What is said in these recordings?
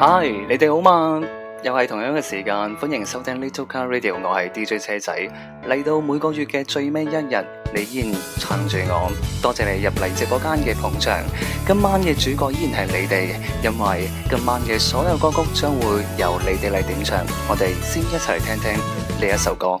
嗨，你哋好嗎？又係同樣嘅時間，歡迎收聽 Little Car Radio，我係 DJ 車仔。嚟到每個月嘅最尾一日，你依然撐住我，多謝你入嚟直播間嘅捧場。今晚嘅主角依然係你哋，因為今晚嘅所有歌曲將會由你哋嚟點唱。我哋先一齊聽聽呢一首歌。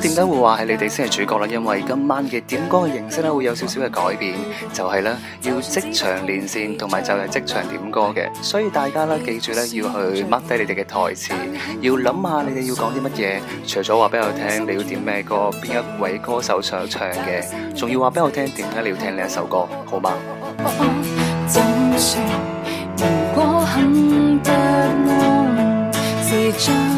點解會話係你哋先係主角咧？因為今晚嘅點歌嘅形式咧，會有少少嘅改變，就係、是、咧要即場連線，同埋就係即場點歌嘅。所以大家咧記住咧，要去 mark 低你哋嘅台詞，要諗下你哋要講啲乜嘢。除咗話俾我聽你要點咩歌，邊一位歌手想唱嘅，仲要話俾我聽點解你要聽呢一首歌，好嗎？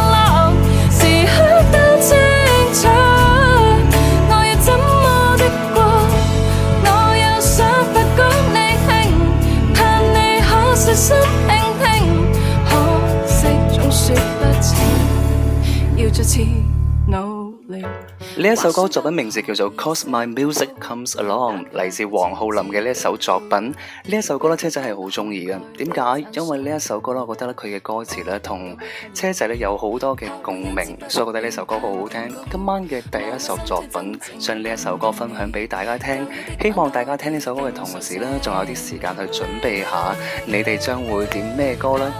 呢一首歌作品名字叫做 Cause My Music Comes Along，嚟自黃浩林嘅呢一首作品。呢一首歌咧，車仔係好中意嘅。點解？因為呢一首歌咧，我覺得咧，佢嘅歌詞咧，同車仔咧有好多嘅共鳴，所以我覺得呢首歌好好聽。今晚嘅第一首作品，將呢一首歌分享俾大家聽。希望大家聽呢首歌嘅同時咧，仲有啲時間去準備下，你哋將會點咩歌呢？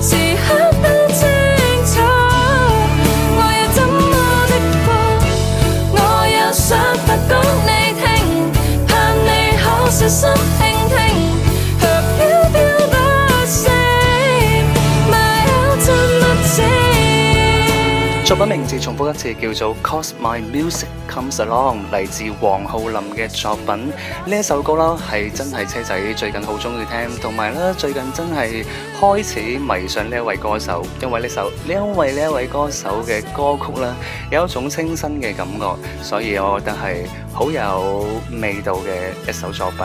時刻都清楚，我又怎麼的過？我又想發講你聽，盼你可細心聽。作品名字重複一次，叫做《Cause My Music Comes Along》，嚟自黃浩林嘅作品。呢一首歌啦，係真係車仔最近好中意聽，同埋咧最近真係開始迷上呢一位歌手，因為呢首，因為呢一位歌手嘅歌曲啦，有一種清新嘅感覺，所以我覺得係好有味道嘅一首作品。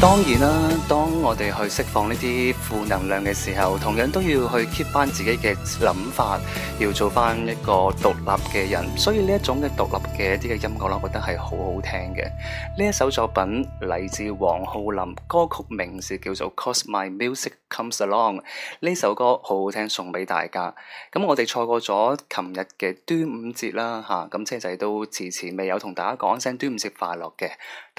當然啦，當我哋去釋放呢啲負能量嘅時候，同樣都要去 keep 翻自己嘅諗法，要做翻一個獨立嘅人。所以呢一種嘅獨立嘅一啲嘅音樂啦，我覺得係好好聽嘅。呢一首作品嚟自黃浩林，歌曲名字叫做《Cause My Music Comes Along》。呢首歌好好聽，送俾大家。咁我哋錯過咗琴日嘅端午節啦，吓咁車仔都遲遲未有同大家講聲端午節快樂嘅。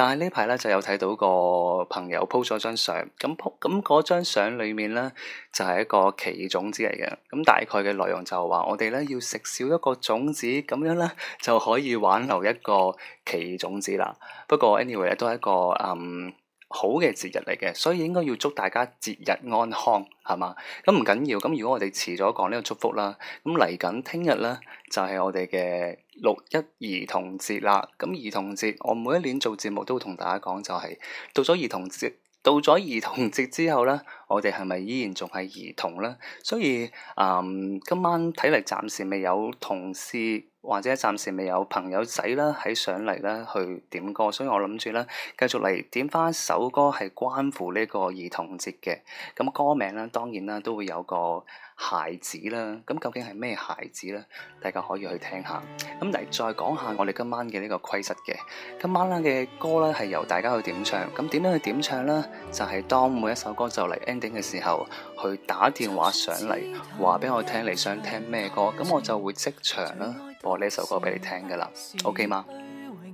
但係呢排咧就有睇到個朋友 po 咗張相，咁 po 咁嗰張相裏面咧就係、是、一個奇異種子嚟嘅，咁大概嘅內容就係話我哋咧要食少一個種子，咁樣咧就可以挽留一個奇異種子啦。不過 anyway 都係一個啊、嗯、好嘅節日嚟嘅，所以應該要祝大家節日安康，係嘛？咁唔緊要，咁如果我哋遲咗講呢個祝福啦，咁嚟緊聽日咧就係、是、我哋嘅。六一兒童節啦，咁兒童節我每一年做節目都同大家講、就係，就係到咗兒童節，到咗兒童節之後咧，我哋係咪依然仲係兒童咧？所以，嗯，今晚睇嚟暫時未有同事。或者暫時未有朋友仔啦喺上嚟啦去點歌，所以我諗住咧繼續嚟點翻首歌係關乎呢個兒童節嘅。咁歌名啦，當然啦都會有個孩子啦。咁究竟係咩孩子呢？大家可以去聽下。咁嚟再講下我哋今晚嘅呢個規則嘅。今晚嘅歌咧係由大家去點唱。咁點樣去點唱呢？就係當每一首歌就嚟 ending 嘅時候，去打電話上嚟話俾我聽，你想聽咩歌？咁我就會即場啦。播呢、哦、首歌畀你聽噶啦，OK 嗎？虛榮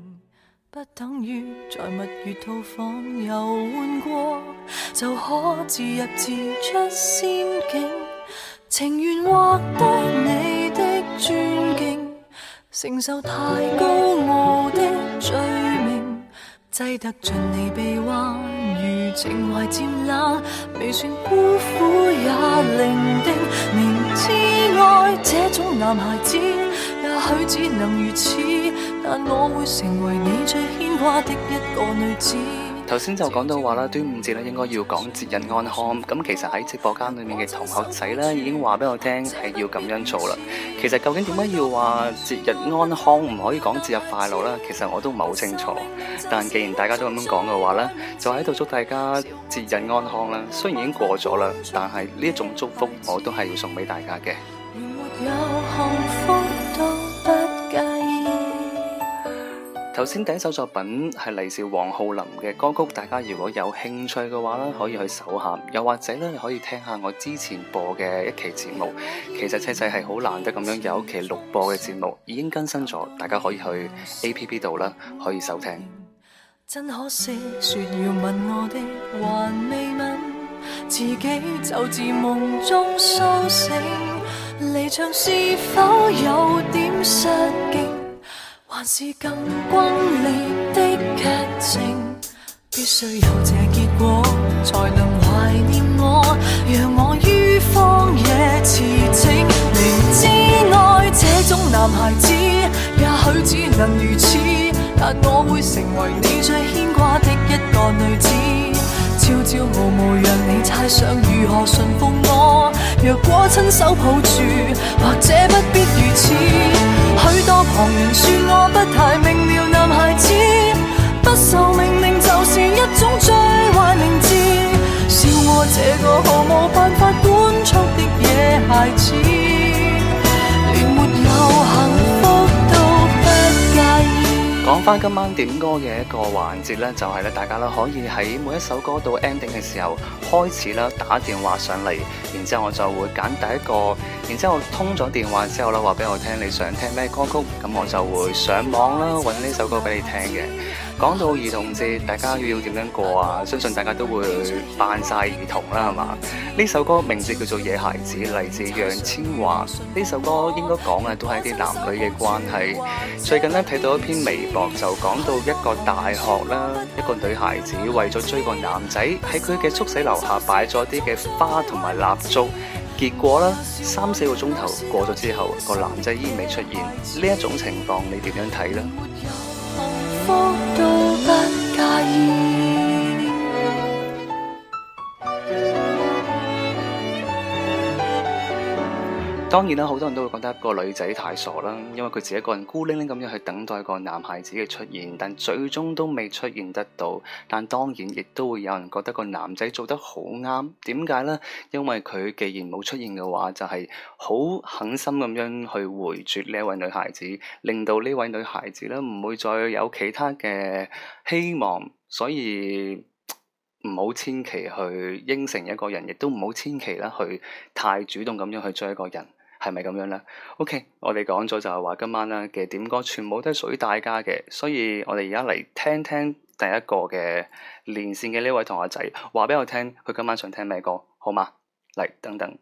不等於在蜜月套房遊玩過，就可自入自出仙境。情願獲得你的尊敬，承受太高傲的罪名，擠得進你臂彎。如情懷漸冷，未算孤苦也伶仃。明知愛這種男孩子。但我會成為你最牽掛的一個女子。頭先就講到話啦，端午節咧應該要講節日安康。咁其實喺直播間裏面嘅同學仔咧，已經話俾我聽係要咁樣做啦。其實究竟點解要話節日安康，唔可以講節日快樂呢？其實我都唔係好清楚。但既然大家都咁樣講嘅話呢，就喺度祝大家節日安康啦。雖然已經過咗啦，但係呢一種祝福我都係要送俾大家嘅。頭先第一首作品係嚟自王浩林嘅歌曲，大家如果有興趣嘅話咧，可以去搜下，又或者咧可以聽下我之前播嘅一期節目。其實車仔係好難得咁樣有一期錄播嘅節目，已經更新咗，大家可以去 A P P 度啦，可以收聽。真可惜，說要吻我的，還未吻，自己就自夢中蘇醒，離場是否有點失敬？還是更轟烈的劇情，必須有這結果才能懷念我。讓我於荒野馳騁，明知愛這種男孩子，也許只能如此，但我會成為你最牽掛的一個女子。朝朝暮暮，讓你猜想如何順服我。若果親手抱住，或者不必如此。許多旁人説我不太明瞭男孩子，不受命令就是一種最壞名字。笑我這個毫無辦法管束的野孩子。講翻今晚點歌嘅一個環節呢，就係咧大家咧可以喺每一首歌到 ending 嘅時候開始啦，打電話上嚟，然之後我就會揀第一個，然之後通咗電話之後咧話俾我聽你想聽咩歌曲，咁我就會上網啦，揾呢首歌俾你聽嘅。講到兒童節，大家要點樣過啊？相信大家都會扮晒兒童啦，係嘛？呢首歌名字叫做《野孩子》，嚟自楊千嬅。呢首歌應該講嘅都係啲男女嘅關係。最近呢，睇到一篇微博，就講到一個大學啦，一個女孩子為咗追個男仔，喺佢嘅宿舍樓下擺咗啲嘅花同埋蠟燭。結果呢，三四個鐘頭過咗之後，個男仔依然未出現。呢一種情況你點樣睇呢？我都不介意。當然啦，好多人都會覺得個女仔太傻啦，因為佢自己一個人孤零零咁樣去等待個男孩子嘅出現，但最終都未出現得到。但當然亦都會有人覺得個男仔做得好啱，點解呢？因為佢既然冇出現嘅話，就係好狠心咁樣去回絕呢位女孩子，令到呢位女孩子咧唔會再有其他嘅希望。所以唔好千祈去應承一個人，亦都唔好千祈啦去太主動咁樣去追一個人。係咪咁樣咧？OK，我哋講咗就係話今晚咧嘅點歌，全部都係屬於大家嘅，所以我哋而家嚟聽聽第一個嘅連線嘅呢位同學仔，話俾我聽佢今晚想聽咩歌，好嗎？嚟等等。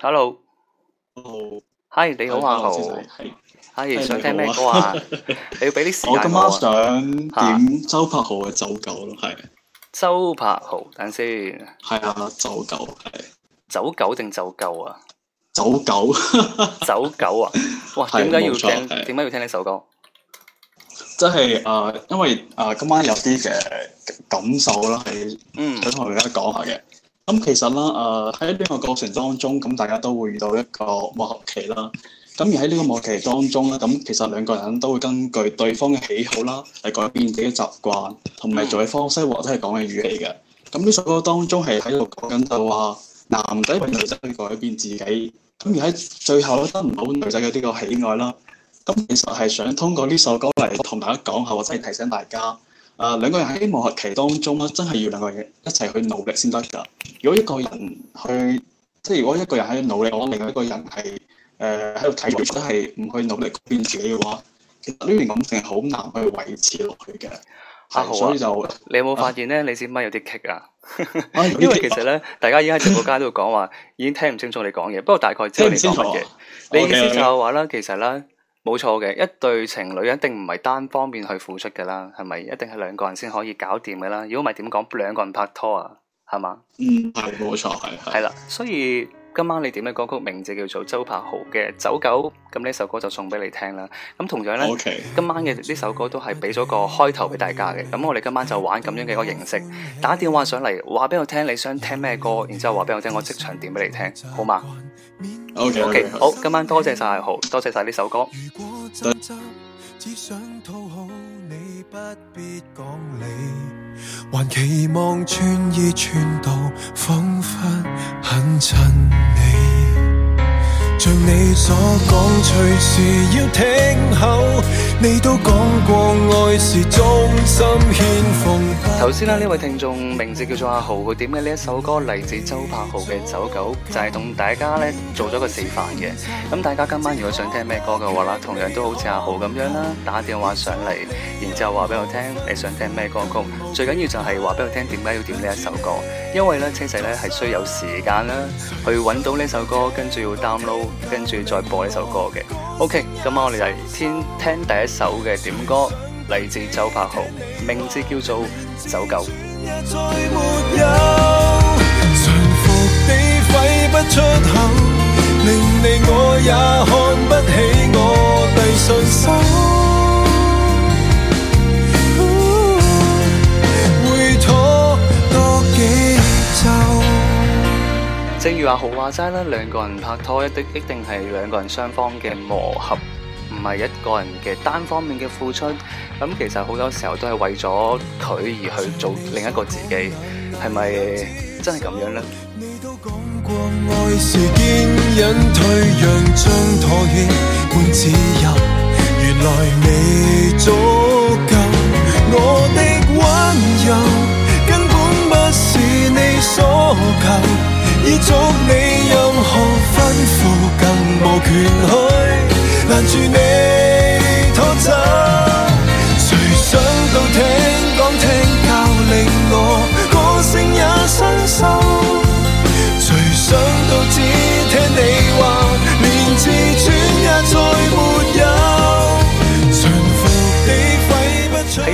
Hello，Hi，你好啊，豪 hi.，Hi，想聽咩歌啊？Hi, 你要俾啲時間我。我今晚想點周柏豪嘅、啊《走狗》咯，係周柏豪等先，係啊，《走狗》係《走狗》定《走狗》啊？走狗， 走狗啊！哇，點解要聽？點解要聽呢首歌？即係誒，因為誒、呃、今晚有啲嘅感受啦，係想同大家講下嘅。咁、嗯嗯、其實啦，誒喺呢個過程當中，咁大家都會遇到一個磨合期啦。咁而喺呢個磨合期當中咧，咁其實兩個人都會根據對方嘅喜好啦，嚟改變自己嘅習慣同埋做嘅方式或者係講嘅語氣嘅。咁、嗯、呢、嗯、首歌當中係喺度講緊就話，男仔為女仔去改變自己。咁而喺最後咧，得唔到女仔嘅呢個喜愛啦，咁其實係想通過呢首歌嚟同大家講下，或者提醒大家，誒，兩個人喺希望合期磨合期當中咧，真係要兩個人一齊去努力先得噶。如果一個人去，即係如果一個人喺度努力，我另一個人係誒喺度睇住，都係唔去努力改變自己嘅話，其實呢段感情好難去維持落去嘅。係、啊，所以就你有冇發現咧？你先咪有啲棘啊？哎欸、因為其實咧，大家已經喺整個街度講話，已經聽唔清楚你講嘢。不過大概知你講乜嘢。你意思就係話啦，其實啦，冇錯嘅，一對情侶一定唔係單方面去付出嘅啦，係咪？一定係兩個人先可以搞掂嘅啦。如果唔係點講兩個人拍拖啊？係嘛？嗯，係冇錯，係係。係啦，所以。今晚你點嘅歌曲名字叫做周柏豪嘅《走狗》，咁呢首歌就送俾你聽啦。咁同樣呢，Okay. 今晚嘅呢首歌都係俾咗個開頭俾大家嘅。咁我哋今晚就玩咁樣嘅一個形式，打電話上嚟，話俾我聽你想聽咩歌，然之後話俾我聽，我即場點俾你聽，好嘛？OK，好，今晚多謝晒豪，多謝晒呢首歌。只想討好你，不必講理，還期望穿衣穿到彷佛很襯你。像你所講，隨時要聽口，你都講過愛是忠心獻奉。頭先呢位聽眾名字叫做阿豪，佢點嘅呢一首歌嚟自周柏豪嘅《走狗》，就係、是、同大家呢做咗個示範嘅。咁大家今晚如果想聽咩歌嘅話啦，同樣都好似阿豪咁樣啦，打電話上嚟，然之後話俾我聽你想聽咩歌曲，最緊要就係話俾我聽點解要點呢一首歌，因為呢，車仔呢係需要有時間啦，去揾到呢首歌，跟住要 download。跟住再播呢首歌嘅，OK，咁我哋嚟聽，聽第一首嘅點歌，嚟自周柏豪，名字叫做《走狗》。 例如話好話齋啦，兩個人拍拖一定一定係兩個人雙方嘅磨合，唔係一個人嘅單方面嘅付出。咁、嗯、其實好多時候都係為咗佢而去做另一個自己，係咪真係咁樣呢？依足你任何吩咐，更無權去攔住你拖走。誰想到聽講聽。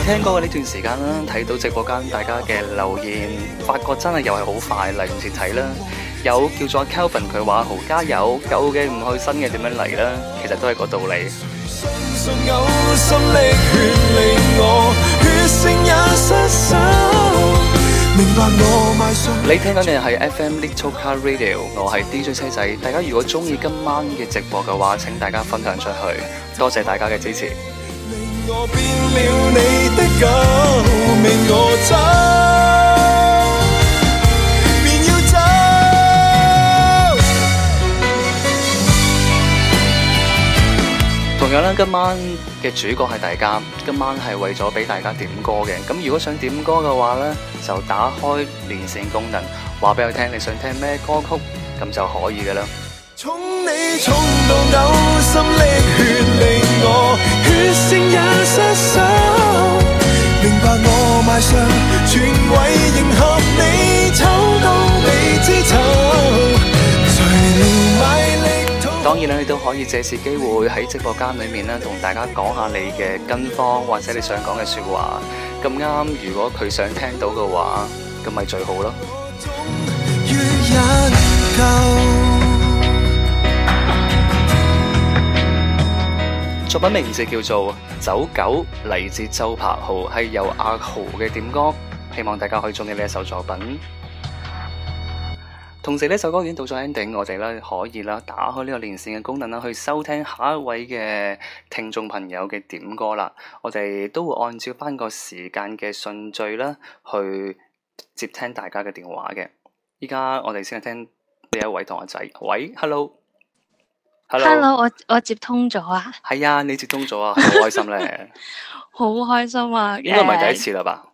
聽歌嘅呢段時間啦，睇到直播間大家嘅留言，發覺真係又係好快嚟唔切睇啦。有叫做 Kelvin 佢話豪加油，舊嘅唔去，新嘅點樣嚟啦？其實都係個道理。你聽緊嘅係 FM Little Car Radio，我係 DJ 車仔。大家如果中意今晚嘅直播嘅話，請大家分享出去，多謝大家嘅支持。我變了，你的狗，命我走。便要走。同樣咧，今晚嘅主角係大家，今晚係為咗俾大家點歌嘅。咁如果想點歌嘅話呢，就打開連線功能，話俾我聽你想聽咩歌曲，咁就可以噶啦。衝當然啦，你都可以借此機會喺直播間裏面呢，同大家講下你嘅跟方，或者你想講嘅說話。咁啱，如果佢想聽到嘅話，咁咪最好咯。作品名字叫做《走狗》，嚟自周柏豪，係由阿豪嘅點歌，希望大家可以中意呢一首作品。同時呢首歌已經到咗 ending，我哋咧可以啦打開呢個連線嘅功能啦，去收聽下一位嘅聽眾朋友嘅點歌啦。我哋都會按照翻個時間嘅順序啦，去接聽大家嘅電話嘅。依家我哋先嚟聽呢一位同學仔，喂，Hello。Hello，Hello 我我接通咗啊！係啊，你接通咗啊，好開心咧！好開心啊！ 心啊應該唔係第一次啦吧？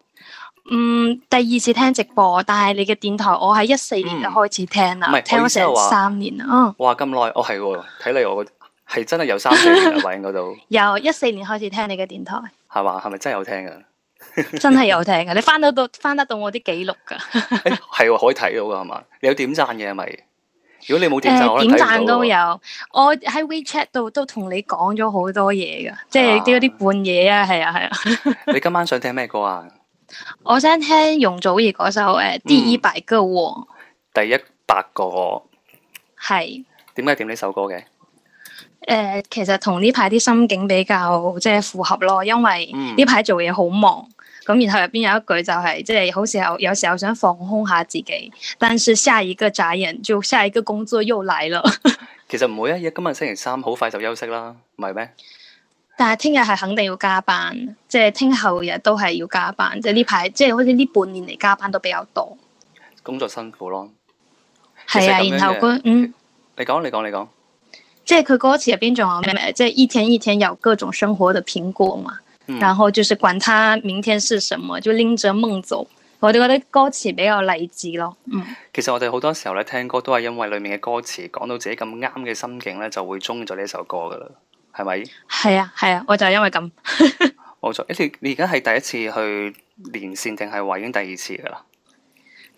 嗯，第二次聽直播，但係你嘅電台我喺一四年就開始聽啦，嗯、聽咗成三年、嗯哦、啊。哇咁耐哦，係喎，睇嚟我係真係有三年喺嗰度。 位由一四年開始聽你嘅電台，係嘛？係咪真係有聽噶？ 真係有聽噶，你翻得到翻得到我啲記錄噶？係 喎、 啊，可以睇到噶係嘛？你有點讚嘅係咪？是如果你冇停就，呃，可以睇到點讚都有，我喺 WeChat 度都同你講咗好多嘢噶，即係啲啲半嘢啊，係啊係啊。你今晚想聽咩歌啊？我想聽容祖兒嗰首誒《第一百個》是。第一百個。係。點解點呢首歌嘅？誒、呃，其實同呢排啲心境比較即係符合咯，因為呢排做嘢好忙。咁然後入邊有一句就係、是，即係好時候，有時候想放空下自己，但是下一個眨眼就下一個工作又來了。 其實唔會啊，因為今日星期三好快就休息啦，唔係咩？但係聽日係肯定要加班，即係聽後日都係要加班。即係呢排即係好似呢半年嚟加班都比較多，工作辛苦咯。係啊，然後佢嗯，你講你講你講，即係佢歌詞入邊仲有咩？即、就、每、是、一天一天有各種生活的蘋果嘛？嗯、然後就是管他明天是什麼，就拎着夢走。我覺得歌詞比較勵志咯。嗯，其實我哋好多時候咧聽歌都係因為裏面嘅歌詞講到自己咁啱嘅心境咧，就會中意咗呢首歌噶啦，係咪？係啊係啊，我就係因為咁。冇 錯，誒，你你而家係第一次去連線定係話已經第二次噶啦？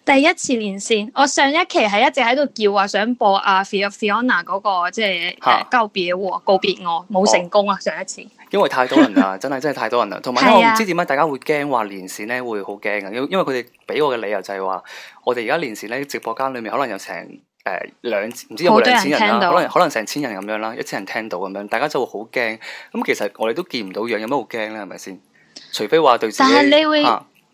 第一次連線，我上一期係一直喺度叫啊，想播阿、啊、Fiona 嗰、那個即係告別喎，告別我冇成功啊、哦、上一次，因為太多人啦， 真係真係太多人啦，同埋我唔知點解大家會驚話連線咧會好驚啊，因因為佢哋俾我嘅理由就係話，我哋而家連線咧直播間裏面可能有成誒、呃、兩唔知有冇兩千人啦，人聽到可能可能成千人咁樣啦，一千人聽到咁樣，大家就會好驚。咁其實我哋都見唔到樣，有乜好驚咧？係咪先？除非話對自己但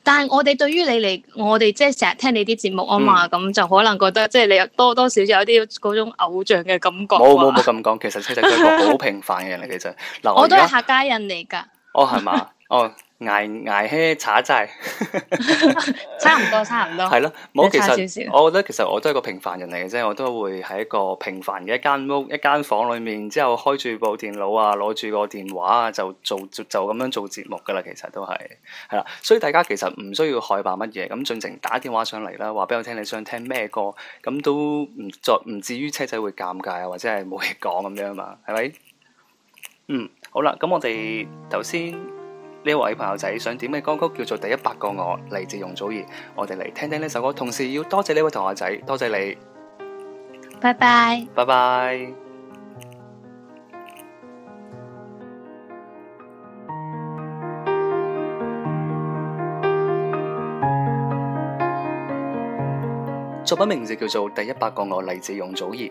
但係我哋對於你嚟，我哋即係成日聽你啲節目啊嘛，咁就可能覺得即係你有多多少少有啲嗰種偶像嘅感覺。冇冇冇咁講，其實其實佢個好平凡嘅人嚟嘅啫。我都係客家人嚟㗎。哦，係嘛？ 哦。挨挨靴踩債， 差唔多，差唔多。係咯 了，冇其實，我覺得其實我都係個平凡人嚟嘅啫，我都會喺一個平凡嘅，一間屋，一間房裏面，之後開住部電腦啊，攞住個電話啊，就做就咁樣做節目噶啦，其實都係係啦。所以大家其實唔需要害怕乜嘢，咁盡情打電話上嚟啦，話俾我聽你想，想聽咩歌，咁都唔在唔至於車仔會尷尬啊，或者係冇嘢講咁樣嘛，係咪？嗯，好啦，咁我哋頭先。呢位朋友仔想點嘅歌曲叫做《第一百個我》，嚟自容祖兒。我哋嚟聽聽呢首歌，同時要多謝呢位同學仔，多謝你。拜拜，拜拜。作品名字叫做《第一百個我》，嚟自容祖兒。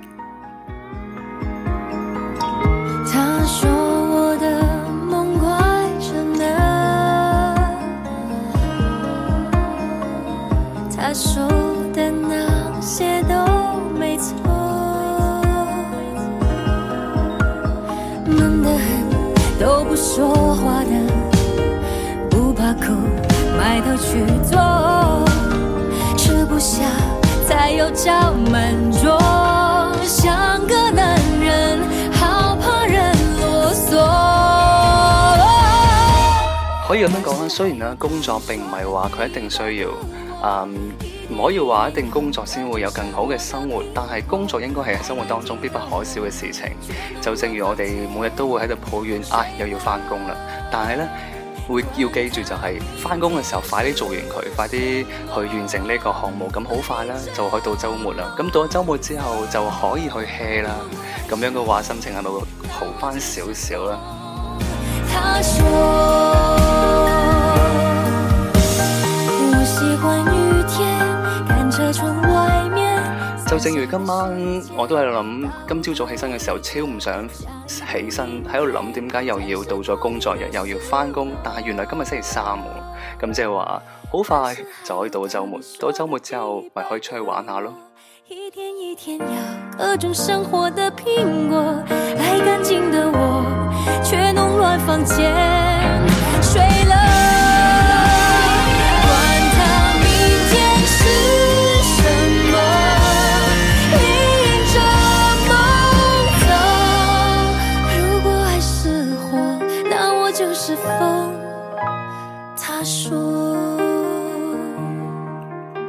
可以咁樣講啦，雖然呢工作並唔係話佢一定需要。Um, 唔可以話一定工作先會有更好嘅生活，但係工作應該係生活當中必不可少嘅事情。就正如我哋每日都會喺度抱怨，啊又要翻工啦，但係呢，會要記住就係翻工嘅時候快啲做完佢，快啲去完成呢個項目，咁好快啦就可以到周末啦。咁到咗周末之後就可以去 hea 啦，咁樣嘅話心情係咪會好翻少少咧？就正如今晚，我都喺度諗，今朝早起身嘅時候超唔想起身，喺度諗，點解又要到咗工作日又要翻工。但係原來今日星期三，咁即係話，好快就可以到周末。到周末之後咪可以出去玩下咯。一天一天有各種生活的蘋果，乾淨的我，卻弄亂房間。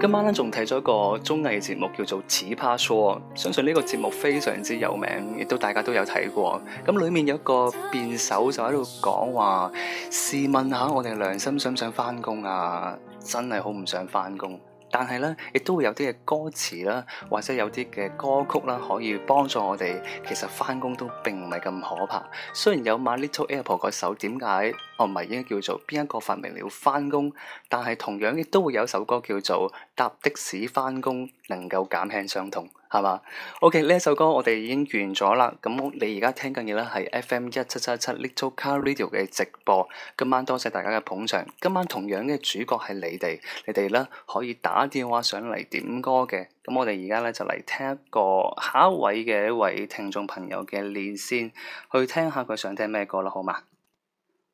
今晚咧仲睇咗一個綜藝節目叫做《奇葩說》，相信呢個節目非常之有名，亦都大家都有睇過。咁裏面有一個辯手就喺度講話，試問下我哋良心想唔想翻工啊？真係好唔想翻工。但係咧，亦都會有啲嘅歌詞啦，或者有啲嘅歌曲啦，可以幫助我哋其實返工都並唔係咁可怕。雖然有 My Little Apple 嗰首，點解我唔係應該叫做邊一個發明了返工？但係同樣亦都會有首歌叫做搭的士返工，能夠減輕傷痛。係嘛？OK，呢一首歌我哋已經完咗啦。咁你而家聽緊嘅咧係 FM 一七七七 Little Car Radio 嘅直播。今晚多謝大家嘅捧場。今晚同樣嘅主角係你哋，你哋咧可以打電話上嚟點歌嘅。咁我哋而家咧就嚟聽一個下一位嘅一位聽眾朋友嘅連線，去聽下佢想聽咩歌啦，好嘛？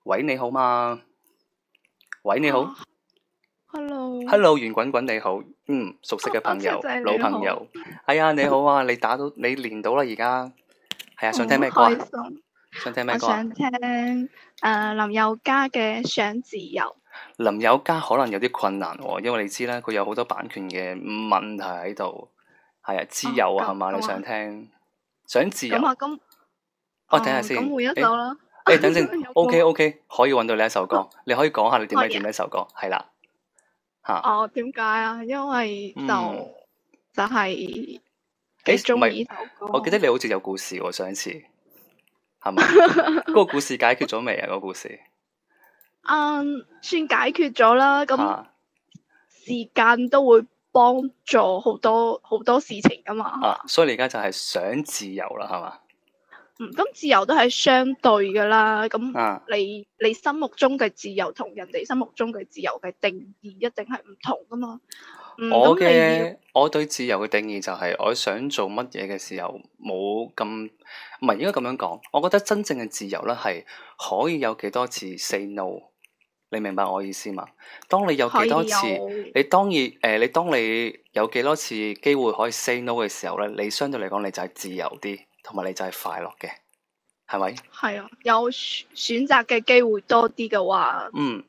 喂，你好嘛？喂，你好。啊 hello，hello，圓滾滾你好，嗯，熟悉嘅朋友，老朋友，係啊，你好啊，你打到，你練到啦，而家係啊，想聽咩歌？想聽咩歌？想聽誒林宥嘉嘅想自由。林宥嘉可能有啲困難，因為你知啦，佢有好多版權嘅問題喺度。係啊，自由啊，係嘛？你想聽？想自由。咁啊咁，我睇下先。誒，等陣，OK，OK，可以搵到你一首歌。你可以講下你點解點一首歌？係啦。哦，點解啊？因為就、嗯、就係幾中意呢首歌、欸。我記得你好似有故事喎，上一次係嘛？嗰 個故事解決咗未啊？嗰個故事？嗯，算解決咗啦。咁時間都會幫助好多好多事情噶嘛。啊，所以你而家就係想自由啦，係嘛？咁自由都係相對噶啦。咁你、啊、你心目中嘅自由同人哋心目中嘅自由嘅定義一定係唔同噶嘛？我嘅我對自由嘅定義就係我想做乜嘢嘅時候冇咁，唔係應該咁樣講。我覺得真正嘅自由咧係可以有幾多次 say no。你明白我意思嘛？當你有幾多次，以你當然誒、呃，你當你有幾多次機會可以 say no 嘅時候咧，你相對嚟講你就係自由啲。同埋你就係快樂嘅，係咪？係啊，有選擇嘅機會多啲嘅話，嗯，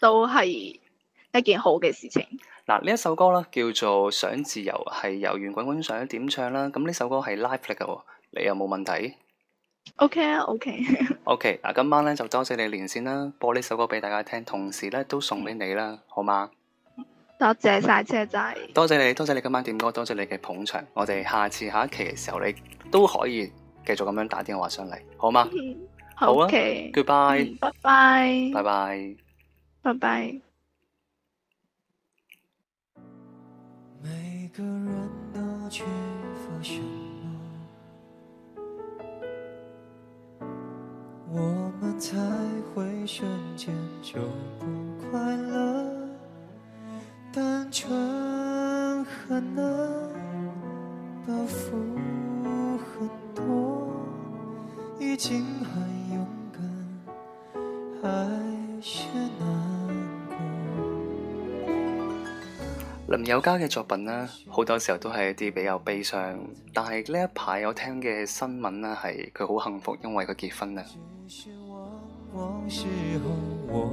都係一件好嘅事情。嗱、嗯，呢一首歌啦，叫做《想自由》，係由袁滾滾想點唱啦。咁、嗯、呢首歌係 live 嚟噶，你有冇問題？OK 啊，OK，OK。嗱，今晚咧就多謝你連線啦，播呢首歌俾大家聽，同時咧都送俾你啦，好嘛？多謝晒車仔，多謝你，多謝你今晚點歌，多謝你嘅捧場，我哋下次下一期嘅時候，你都可以繼續咁樣打電話上嚟，好嗎？嗯、好啊，好 okay，goodbye，拜拜、嗯，拜拜，拜拜。林宥嘉嘅作品呢，好多時候都係一啲比較悲傷。但係呢一排我聽嘅新聞呢，係佢好幸福，因為佢結婚啦。是是往往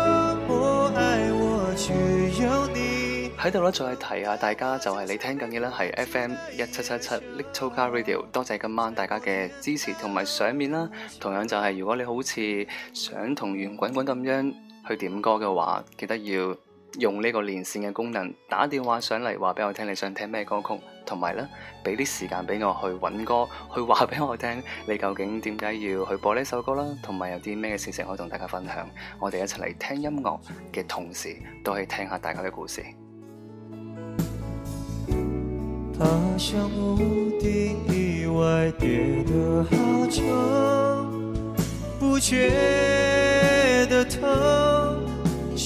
喺度咧，再提下大家，就係、是、你聽緊嘅咧係 FM 一七七七 Little Car Radio。多謝今晚大家嘅支持同埋賞面啦。同樣就係、是，如果你好似想同圓滾滾咁樣去點歌嘅話，記得要。用呢個連線嘅功能打電話上嚟話俾我聽你想聽咩歌曲，同埋呢，俾啲時間俾我去揾歌，去話俾我聽你究竟點解要去播呢首歌啦，同埋有啲咩嘅事情可以同大家分享，我哋一齊嚟聽音樂嘅同時都去聽下大家嘅故事。他像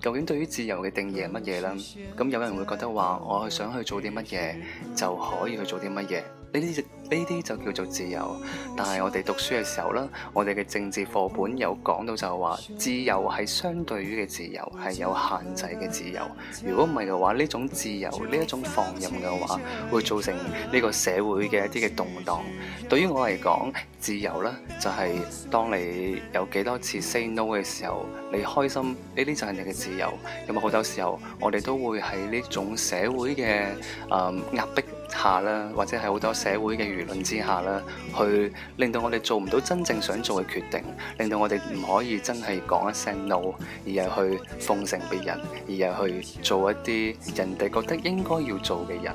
究竟對於自由嘅定義係乜嘢咧？咁有人會覺得話，我係想去做啲乜嘢就可以去做啲乜嘢，呢啲呢啲就叫做自由。但係我哋讀書嘅時候咧，我哋嘅政治課本有講到就係話自由係相對於嘅自由係有限制嘅自由。如果唔係嘅話呢種自由呢一種放任嘅話會造成呢個社會嘅一啲嘅動盪。對於我嚟講自由咧就係當你有幾多次 say no 嘅時候，你開心呢啲就係你嘅自由，咁啊，好多時候，我哋都會喺呢種社會嘅誒壓迫下啦，或者係好多社會嘅輿論之下啦，去令到我哋做唔到真正想做嘅決定，令到我哋唔可以真係講一聲 no，而係去奉承別人，而係去做一啲人哋覺得應該要做嘅人。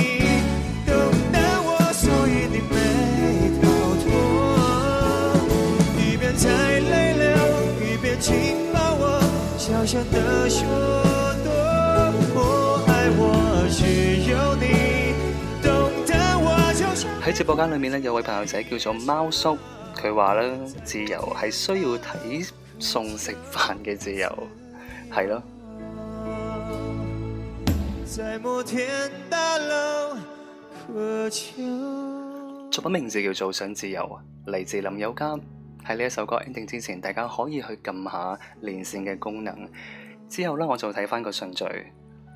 喺直播間裏面咧，有位朋友仔叫做貓叔，佢話咧，自由係需要睇餸食飯嘅自由，係咯。在摩天大樓作品名字叫做想自由，嚟自林宥嘉。喺呢一首歌 ending 之前，大家可以去撳下連線嘅功能。之後呢，我就睇翻個順序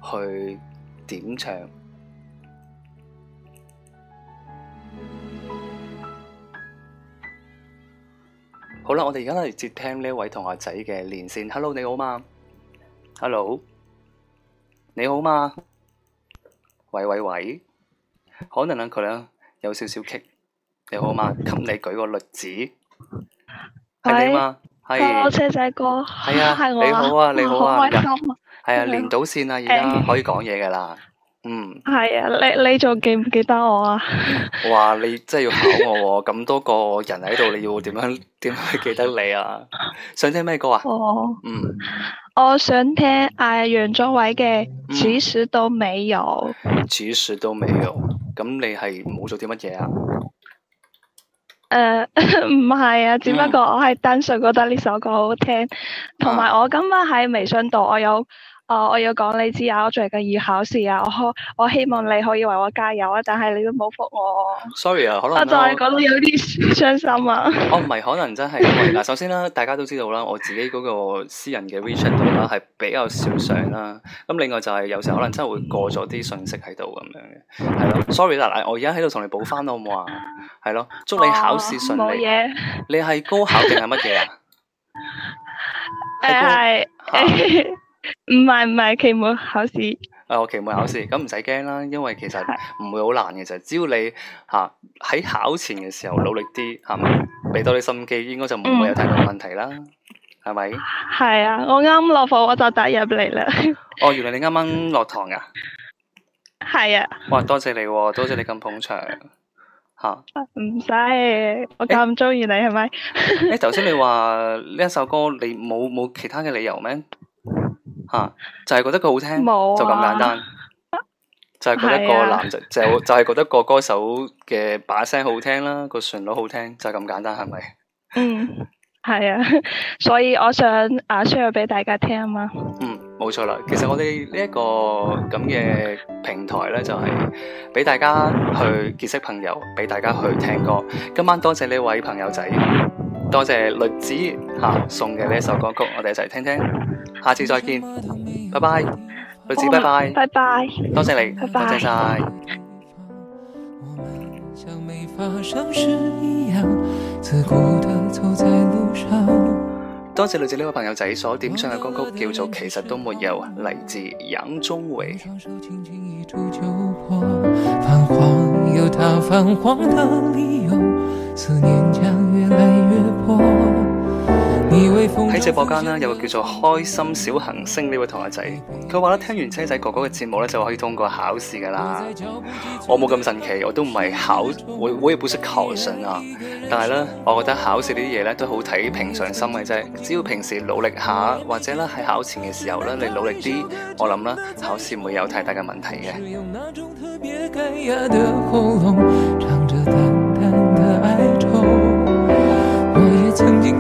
去點唱。好啦，我哋而家嚟接聽呢位同學仔嘅連線。Hello，你好嗎？Hello，你好嗎？喂喂喂，可能呢佢呢有少少棘。你好嗎？給你舉個例子。係點啊？係我車仔哥，係啊，係我啊，你好啊，開心啊！係啊，連到線啊，而家可以講嘢噶啦，嗯。係啊，你你仲記唔記得我啊？哇，你真係要考我，咁多個人喺度，你要點樣點樣記得你啊？想聽咩歌啊？嗯，我想聽阿楊宗緯嘅《其實都沒有》，其實都沒有，咁你係冇做啲乜嘢啊？誒，唔係、uh, 啊，只不過我係單純覺得呢首歌好好聽，同埋、嗯、我今晚喺微信度我有。哦，oh, 我要講你知啊，我最近要考試啊，我好我希望你可以為我加油啊，但係你都冇覆我。Sorry 啊，Sorry, 可能我就係講到有啲傷心啊。 哦，唔係，可能真係嗱，首先啦，大家都知道啦，我自己嗰個私人嘅 WeChat 度啦，係比較少上啦，啊。咁另外就係有時候可能真係會過咗啲信息喺度咁樣嘅，係咯。Sorry 啦，我而家喺度同你補翻啦，在在好唔好啊？係咯，祝你考試順利。冇嘢，你係高考定係乜嘢啊？係。唔係唔係期末考試，我、啊、期末考試咁唔使驚啦，因為其實唔會好難嘅，就的只要你吓喺、啊、考前嘅時候努力啲，係咪俾多啲心機，應該就唔會有太大問題啦，係咪、嗯？係吧啊，我啱落課我就打入嚟啦。哦，原來你啱啱落堂啊？係啊的。哇，多謝你、啊，多謝你咁捧場，吓、啊。唔使，我咁中意你係咪？誒，頭先你話呢一首歌，你冇冇其他嘅理由咩？啊！就係、是、覺得佢好聽，啊、就咁簡單。啊、就係覺得個男仔、啊、就就係覺得個歌手嘅把聲好聽啦，個旋律好聽， 就咁簡單係咪？嗯，係啊，所以我想啊 share 俾大家聽啊嘛。嗯，冇錯啦。其實我哋呢一個咁嘅平台咧，就係、是、俾大家去結識朋友，俾大家去聽歌。今晚多謝呢位朋友仔。多謝栗子哈送嘅呢一首歌曲，我哋一齊聽聽，下次再見，拜拜，栗子拜拜，拜拜，多謝你，拜拜，拜拜。多謝栗子呢位朋友仔所點唱嘅歌曲叫做《其實都沒有》，嚟自楊宗緯。喺直播間呢，風中風中有個叫做開心小行星呢位同學仔，佢話咧聽完車仔哥哥嘅節目咧，就可以通過考試噶啦。我冇咁神奇，我都唔係考我亦本識求信啊。但係咧，我覺得考試呢啲嘢咧都好睇平常心嘅啫。只要平時努力下，或者咧喺考前嘅時候咧，你努力啲，我諗啦，考試唔會有太大嘅問題嘅。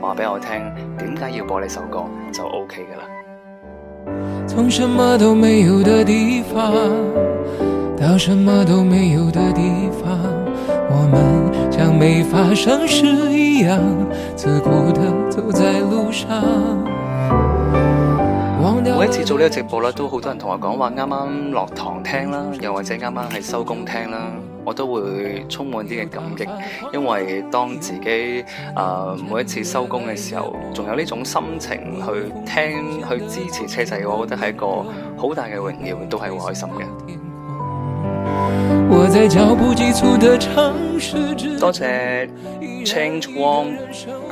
話畀我聽點解要播呢首歌就 OK 㗎喇。從什麼都沒有的地方到什麼都沒有的地方，我們像沒發生事一樣，自顧地走在路上。一每一次做呢個直播啦，都好多人同我講話，啱啱落堂聽啦，又或者啱啱係收工聽啦。我都會充滿啲嘅感激，因為當自己啊、呃、每一次收工嘅時候，仲有呢種心情去聽去支持車仔，我覺得係一個好大嘅榮耀，都係好開心嘅。我在腳步急促嘅城市之中，多謝 Change Wong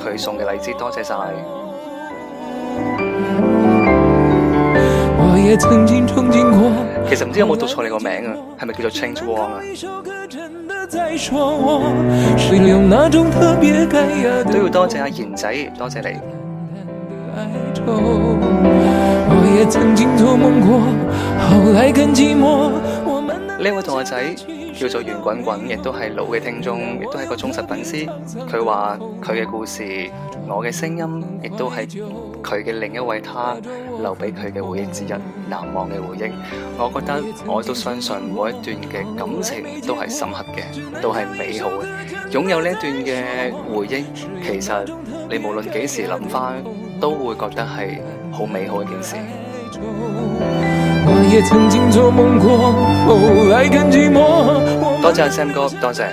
佢送嘅荔枝，多謝晒。我也曾經憧憬過其實唔知有冇讀錯你個名是是啊，係咪叫做 Change One 啊？都要多謝阿、啊、賢仔，多謝你。呢位同學仔。叫做圓滾滾，亦都係老嘅聽眾，亦都係個忠實粉絲。佢話佢嘅故事，我嘅聲音，亦都係佢嘅另一位他留俾佢嘅回憶之一，難忘嘅回憶。我覺得我都相信每一段嘅感情都係深刻嘅，都係美好嘅。擁有呢一段嘅回憶，其實你無論幾時諗翻，都會覺得係好美好嘅一件事。多謝 Sam 哥，多謝。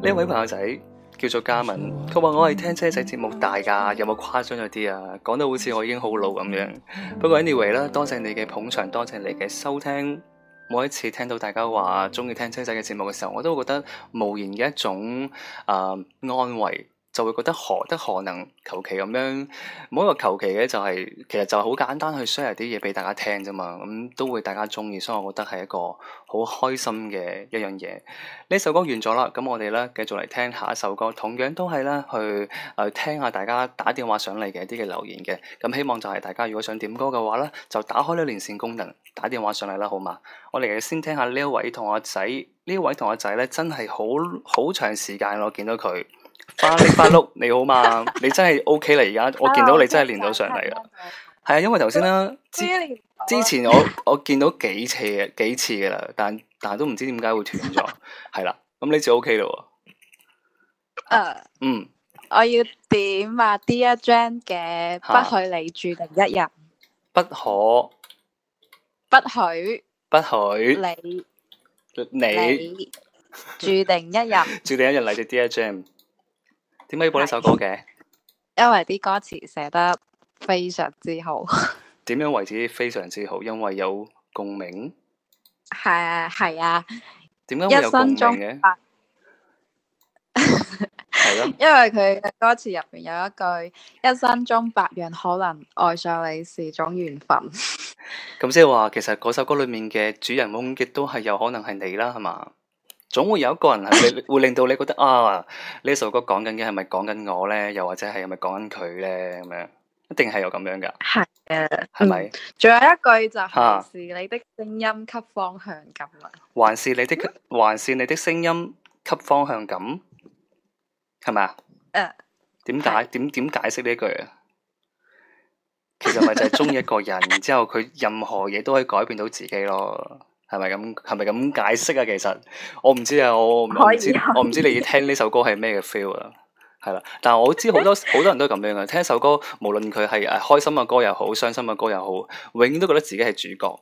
呢位朋友仔叫做嘉文，佢話我係聽車仔節目大噶，有冇誇張咗啲啊？講到好似我已經好老咁樣。不過 anyway 啦，多謝你嘅捧場，多謝你嘅收聽。每一次聽到大家話鍾意聽車仔嘅節目嘅時候，我都會覺得無言嘅一種啊、呃、安慰。就會覺得何得何能，求其咁樣冇一個求其嘅，就係、是、其實就好簡單去 share 啲嘢俾大家聽啫嘛，咁、嗯、都會大家中意，所以我覺得係一個好開心嘅一樣嘢。呢首歌完咗啦，咁我哋咧繼續嚟聽下一首歌，同樣都係咧去誒、呃、聽下大家打電話上嚟嘅啲嘅留言嘅。咁、嗯、希望就係大家如果想點歌嘅話咧，就打開呢個連線功能打電話上嚟啦，好嘛？我哋先聽下呢一位同阿仔，呢一位同阿仔咧真係好好長時間囉，見到佢。巴力巴碌你好嘛？你真係 O K 啦，而家我見到你真係連到上嚟噶，係啊，因為頭先啦，之 之前我我見到幾次嘅幾次噶、 OK、啦，但但係都唔知點解會斷咗，係啦，咁呢次 O K 咯，誒，嗯，我要點啊？Dear Jam 嘅、啊、不許你注定一人，不可不許不許你你注定一人， 注定一人嚟嘅 Dear Jam。點解要播呢首歌嘅？ 因為啲歌詞寫得非常之好。點樣為之非常之好？因為有共鳴。係 啊，係啊。點解會有共鳴嘅？係咯。因為佢嘅歌詞入邊有一句：一生中百樣可能愛上你，是種緣分。咁即係話， 其實嗰首歌裏面嘅主人翁，亦都係有可能係你啦，係嘛？總會有一個人係會令到你覺得 啊，呢首歌講緊嘅係咪講緊我咧？又或者係咪講緊佢咧？咁樣一定係有咁樣噶。係啊的，係咪吧？仲、嗯、有一句就係是你的聲音給方向感啦、啊。還是你的還是你的聲音給方向感？係咪啊？誒、uh,。點的解？點點解釋呢一句啊？其實咪就係中意一個人， 之後佢任何嘢都可以改變到自己咯。係咪咁？係咪咁解釋啊？其實我唔知啊，我唔以知，以我唔知你要聽呢首歌係咩嘅 feel 啊？係啦，但係我知好多好 多人都咁樣嘅，聽首歌，無論佢係誒開心嘅歌又好，傷心嘅歌又好，永遠都覺得自己係主角，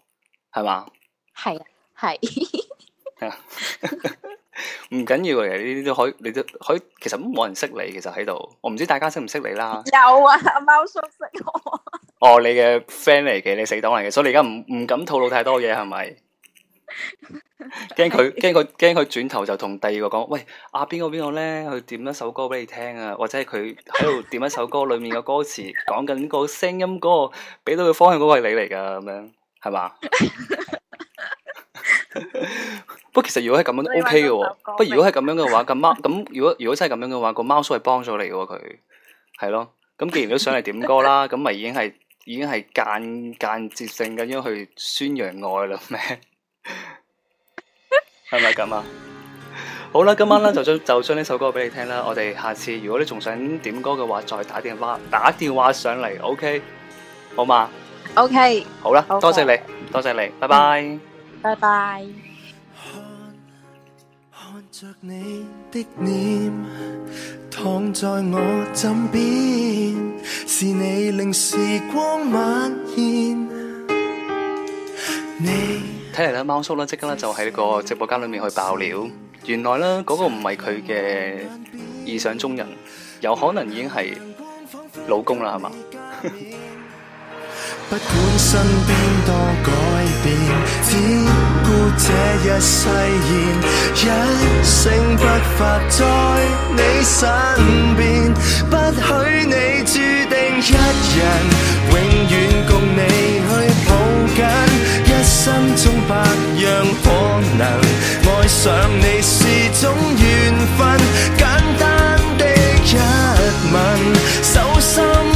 係嘛？係係，唔緊要嘅，呢啲都可以，你都可以，你可以。其實都冇人識你，其實喺度，我唔知大家識唔識你啦、啊。有啊，貓叔識我。哦，你嘅 friend 嚟嘅，你死黨嚟嘅，所以你而家唔唔敢透露太多嘢，係咪？驚佢，驚佢，驚佢轉頭就同第二個講：喂，啊，邊個邊個咧去點一首歌俾你聽啊？或者係佢喺度點一首歌裏面嘅歌詞，講緊個聲音嗰個俾到佢方向嗰個係你嚟噶，咁樣係嘛？不過 其實如果係咁樣都 OK 嘅，不過如果係咁樣嘅話，個貓咁如果如果真係咁樣嘅話，個貓叔係幫咗你嘅佢係咯，咁既然都想嚟點歌啦，咁咪已經係已經係間間接性咁樣去宣揚愛啦咩？ 係咪咁啊？好啦，今晚啦就將就將呢首歌俾你聽啦。我哋下次如果你仲想點歌嘅話，再打電話打電話上嚟，OK，好嗎？OK，好啦，okay. 多謝你，多謝你，拜拜，拜拜。看着你的臉躺在我枕邊，是你令時光蔓延，睇嚟咧，貓叔咧即刻咧就喺呢個直播間裏面去爆料，原來咧嗰個唔係佢嘅意想中人，有可能已經係老公啦，係嘛？心中百樣可能，愛上你是種緣分，簡單的一吻，手心。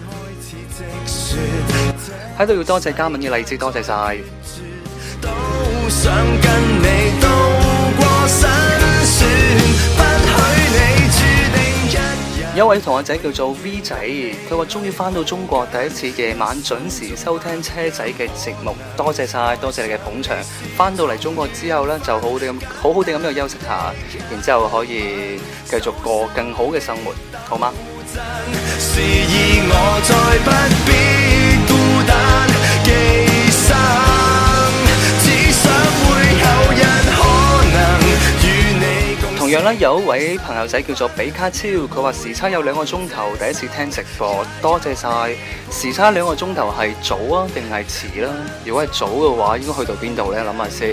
喺度要多謝嘉敏嘅荔枝，多謝晒。 有一位同學仔叫做 V 仔，佢話終於翻到中國，第一次夜晚準時收聽車仔嘅節目，多謝晒，多謝你嘅捧場。翻到嚟中國之後呢，就好好地咁好好地咁又休息下，然之後可以繼續過更好嘅生活，好嗎？ 咁樣有一位朋友仔叫做比卡超，佢話時差有兩個鐘頭，第一次聽直播，多謝晒，時差兩個鐘頭係早啊，定係遲啦？如果係早嘅話，應該去到邊度呢？諗下先。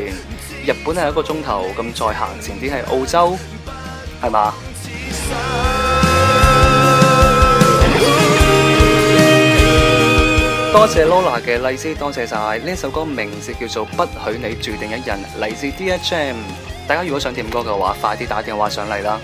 日本係一個鐘頭，咁再行前啲係澳洲，係嘛？ 多謝 Lola 嘅荔枝，多謝晒。呢首歌名字叫做《不許你注定一人》，嚟自 DHM 大家如果想點歌嘅話， 快啲打電話上嚟啦！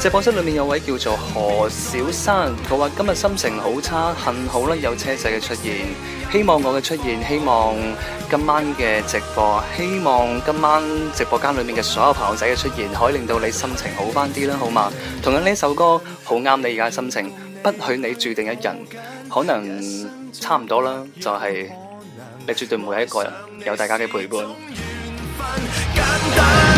直播室裏面有位叫做何小山，佢話今日心情好差，幸好咧有車仔嘅出現，希望我嘅出現，希望今晚嘅直播，希望今晚直播間裏面嘅所有朋友仔嘅出現，可以令到你心情好返啲啦，好嘛？同樣呢首歌好啱你而家心情，不許你注定一人，可能差唔多啦，就係你絕對唔會有一個人有大家嘅陪伴。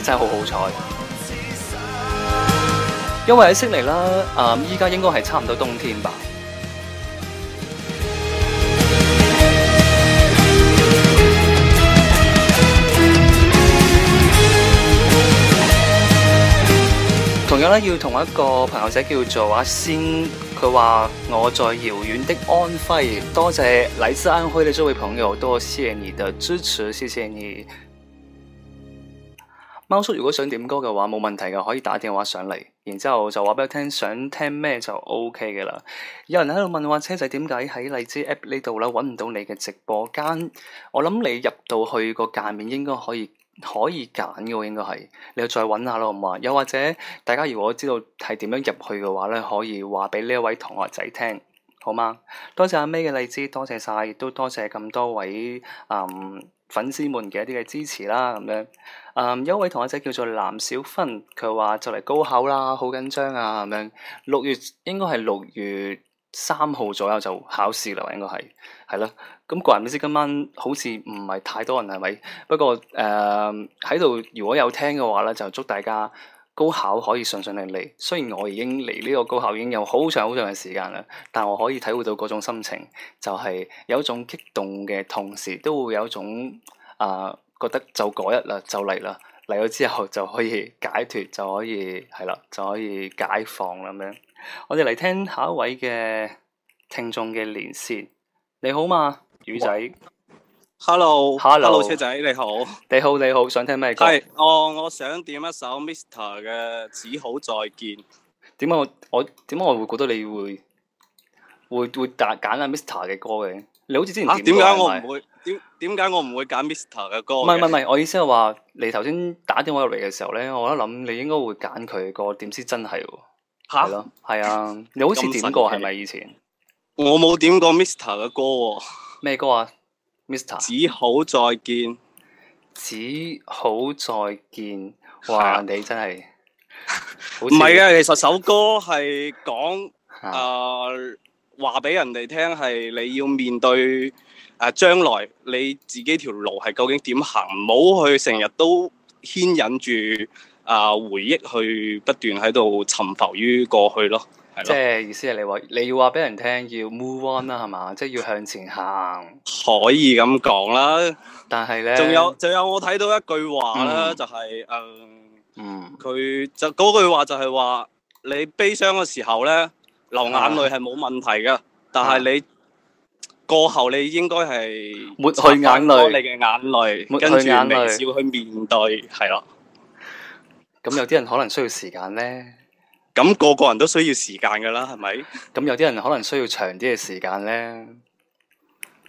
真係好好彩，因為喺悉尼啦，啊、呃，依家應該係差唔多冬天吧。 同樣咧，要同一個朋友仔叫做阿仙，佢話我在遙遠的安徽。多謝來自安徽嘅這位朋友，多謝你的支持，謝謝你。貓叔如果想點歌嘅話，冇問題嘅，可以打電話上嚟，然之後就話畀佢聽，想聽咩就 OK 嘅啦。有人喺度問話，車仔點解喺荔枝 app 呢度搵唔到你嘅直播間？我諗你入到去個界面應該可以可以揀嘅，應該係你就再搵下咯，係嘛？又或者大家如果知道係點樣入去嘅話咧，可以話畀呢一位同學仔聽，好嗎？多謝阿 May 嘅荔枝，多謝晒，亦都多謝咁多位，嗯粉絲們嘅一啲嘅支持啦，咁樣，啊，有一位同學仔叫做藍小芬，佢話就嚟高考啦，好緊張啊，咁樣，六月應該係六月三號左右就考試啦，應該係，係啦，咁怪唔之今晚好似唔係太多人係咪？不過誒喺度如果有聽嘅話咧，就祝大家。高考可以順順利利，雖然我已經離呢個高考已經有好長好長嘅時間啦，但我可以體會到嗰種心情，就係、是、有一種激動嘅，同時都會有一種啊、呃、覺得就嗰日啦，就嚟啦，嚟咗之後就可以解脫，就可以，係啦，就可以解放啦，咁樣。我哋嚟聽下一位嘅聽眾嘅連線，你好嘛？魚仔。hello，hello，Hello, 車仔你好,你好，你好你好，想聽咩歌？係，我、哦、我想點一首 Mr 嘅只好再見。點解我我點解我會覺得你會會會揀揀 Mr 嘅歌嘅？你好似之前點解、啊、我唔會點點解我唔會揀 Mr 嘅歌嘅？唔係唔係唔係，我意思係話你頭先打電話入嚟嘅時候咧，我一諗你應該會揀佢個點先真係係咯，係啊哈， 你好似點過係咪以前？我冇點過 Mr 嘅歌嘅。咩歌啊？ Mr. 只好再見，只好再見。話哇你真係，唔係啊！其實首歌係講誒，話俾、 呃、人哋聽係你要面對誒將、呃、來，你自己條路係究竟點行，唔好去成日都牽引住啊、呃、回憶去不斷喺度沉浮於過去咯。即係意思係你話你要話俾人聽要 move on 啦，係嘛？即係要向前行，可以咁講啦。但係咧，仲有仲有我睇到一句話咧，就係誒，嗯，佢就嗰句話就係話你悲傷嘅時候咧，流眼淚係冇問題噶，但係你過後你應該係抹去眼淚，你嘅眼淚，抹去眼淚，要去面對，係咯。咁有啲人可能需要時間咧。咁個個人都需要時間噶啦，係咪？咁有啲人可能需要長啲嘅時間咧。嗯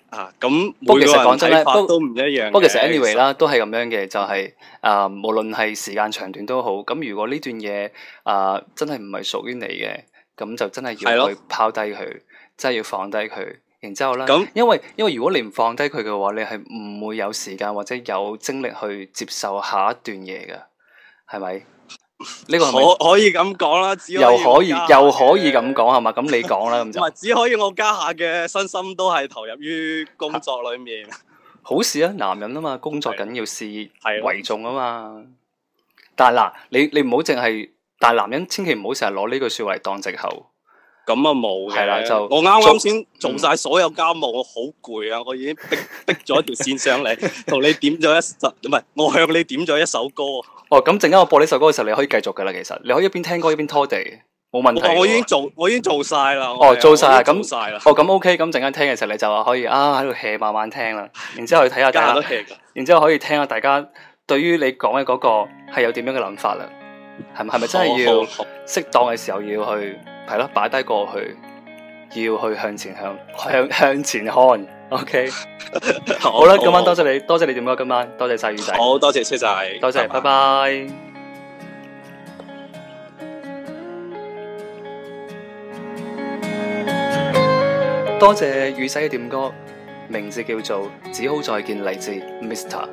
嗯、 啊，咁、嗯、其實講真咧都唔一樣。不過其實 anyway 啦，都係咁樣嘅，就係、是、啊、呃，無論係時間長短都好。咁如果呢段嘢啊、呃、真係唔係屬於你嘅，咁就真係要去拋低佢，真係要放低佢。然之後咧，咁、嗯、因為因為如果你唔放低佢嘅話，你係唔會有時間或者有精力去接受下一段嘢噶，係咪？呢個可可以咁講啦，又可以又可以咁講，係嘛？咁你講啦，咁就唔係只可以我家下嘅身心都係投入於工作裏面。好事啊，男人啊嘛，工作緊要事業為重啊嘛。但係嗱，你你唔好淨係，但係男人千祈唔好成日攞呢句說話當借口。咁啊冇係啦，就我啱啱先做晒所有家務，我好攰啊，我已經逼逼咗條線上嚟，同你點咗一首唔係，我向你點咗一首歌啊。哦，咁陣間我播呢首歌嘅時候，你可以繼續噶啦。其實你可以一邊聽歌一邊拖地，冇問題。我，我已經做我已經做晒啦。哦，做晒咁晒啦。那哦，咁 OK，咁陣間聽嘅時候，你就話可以啊喺度 hea 慢慢聽啦。然之後去睇下，大家，然之後可以聽下大家對於你講嘅嗰個係有點樣嘅諗法啦。係咪係咪真係要適當嘅時候要去係咯，擺低過去。要去向前向向向前看，OK 好。好啦，好今晚多謝你，好多謝你點歌，今晚多謝晒雨仔，好多謝謝晒，多謝，拜拜。多謝雨仔嘅點歌，名字叫做只好再見，嚟自 Mr.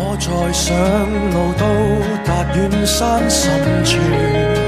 我在上路到達遠山深處。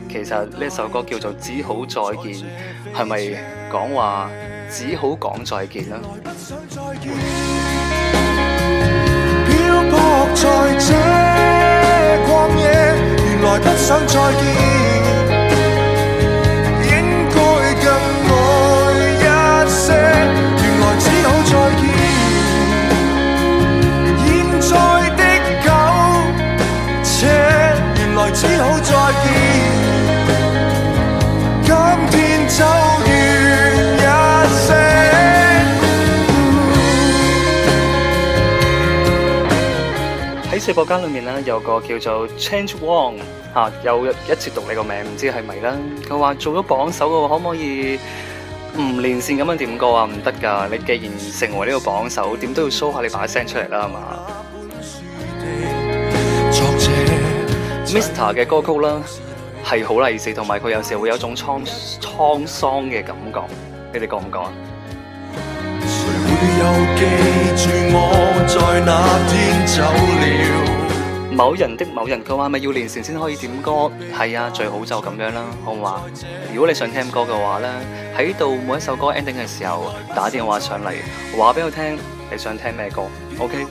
其實呢首歌叫做《只好再見》，係咪講話只好講再見啦？直播間裏面咧，有個叫做 Change One 吓、啊，又一次讀你個名，唔知係咪啦。佢話做咗榜首嘅話，可唔可以唔連線咁樣點歌啊？唔得噶，你既然成為呢個榜首，點都要 show 下你把聲出嚟啦，係嘛。 Mr. 嘅歌曲啦，係好勵志，同埋佢有時會有一種蒼滄桑嘅感覺，你哋覺唔覺啊？ 某人的某人，佢話咪要連成先可以點歌？係啊，最好就咁樣啦，好唔好啊？如果你想聽歌嘅話咧，喺度每一首歌 ending 嘅時候打電話上嚟，話俾我聽你想聽咩歌？OK。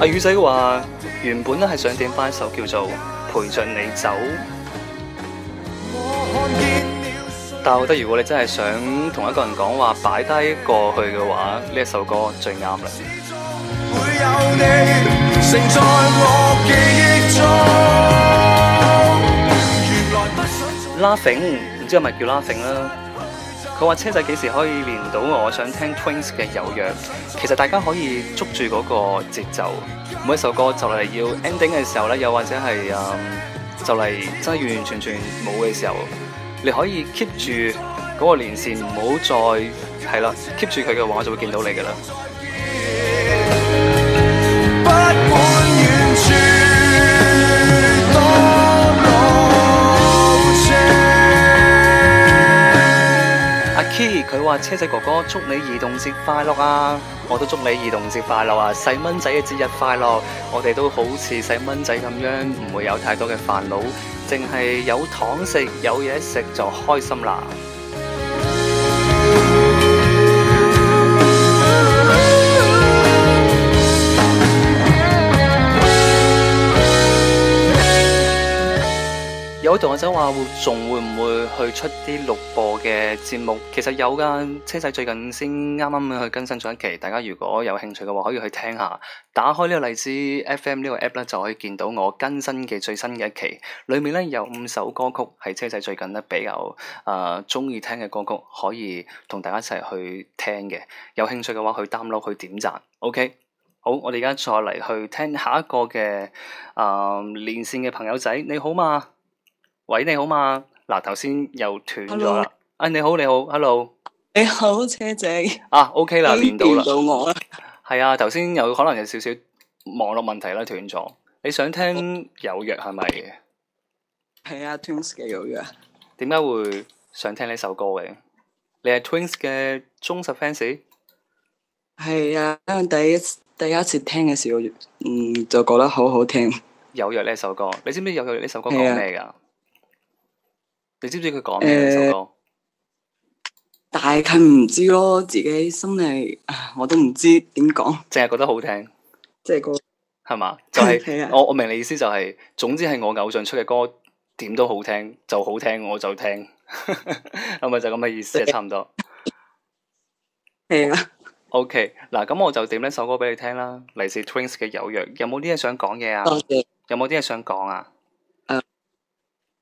阿宇仔話原本咧，係想點翻一首叫做陪着你走，但係我覺得如果你真係想同一個人講話擺低過去嘅話，呢一首歌最啱啦。n g 唔知係咪叫 Laughing 啦？佢話車仔幾時可以練到我？我想聽 Twins 嘅《有約》。其實大家可以捉住嗰個節奏，每一首歌就嚟要 ending 嘅時候咧，又或者係誒、嗯，就嚟真係完完全全冇嘅時候，你可以 keep 住嗰個連線，唔好再係啦。keep 住佢嘅話，我就會見到你㗎啦。 而佢話：車仔哥哥，祝你兒童節快樂啊！我都祝你兒童節快樂啊！細蚊仔嘅節日快樂，我哋都好似細蚊仔咁樣，唔會有太多嘅煩惱，淨係有糖食，有嘢食就開心啦。有同學就話會仲會唔會去出啲錄播嘅節目？其實有噶，車仔最近先啱啱去更新咗一期。大家如果有興趣嘅話，可以去聽下。打開呢個荔枝 FM 呢個 app 咧，就可以見到我更新嘅最新嘅一期。裏面咧有五首歌曲係車仔最近咧比較誒中意聽嘅歌曲，可以同大家一齊去聽嘅。有興趣嘅話，去 download 去點讚。OK，好，我哋而家再嚟去聽下一個嘅誒、呃、連線嘅朋友仔，你好嘛？喂，你好嘛？嗱，頭先又斷咗啦。啊，你好，你好，hello。你好，車仔。啊，OK 啦，連到啦。到我啦。係啊，頭先有可能有少少網絡問題啦，斷咗。你想聽《有約》係咪？係啊，Twins 嘅《有約》。點解會想聽呢首歌嘅？你係 Twins 嘅忠實 fans？係啊，因為第一第一次聽嘅時候，嗯，就覺得好好聽《有約》呢首歌。你知唔知《有約》呢首歌講咩㗎？你知唔、欸、知佢講咩呢首歌？大概唔知咯，自己心裏我都唔知點講。淨係覺得好聽，即係歌係嘛？就係、是啊、我我明你意思就係、是，總之係我偶像出嘅歌，點都好聽，就好聽我就聽，係 咪就咁嘅意思？ 差唔多係 啊。OK，嗱咁我就點一首歌俾你聽啦，嚟自 Twins 嘅《有約》，有冇啲嘢想講嘢啊？多謝 有冇啲嘢想講啊？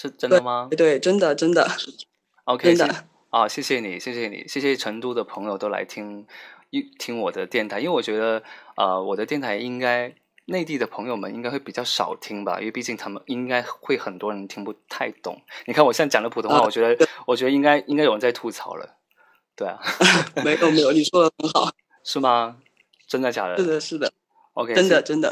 是真的嗎？對，真的真的。OK，真的。啊，謝謝你，謝謝你，謝謝成都的朋友都來聽一聽我的電台，因為我覺得，呃，我的電台應該內地的朋友們應該會比較少聽吧，因為畢竟他們應該會很多人聽不太懂。你看我現在講的普通話，我覺得我覺得應該應該有人在吐槽了，對啊。沒有沒有，你說的很好。是嗎？真的假的？是的，是的。OK，真的真的。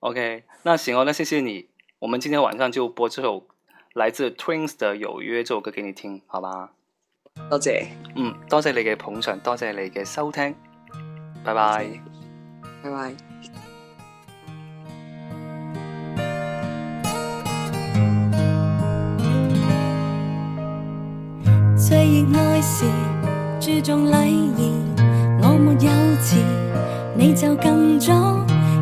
OK，那行哦，那謝謝你，我們今天晚上就播這首。來自 Twins 的《有約》這首歌給你聽，好吧？多謝，嗯，多謝你嘅捧場，多謝你嘅收聽，拜拜，拜拜。最熱愛是注重禮儀，我沒有遲，你就更早，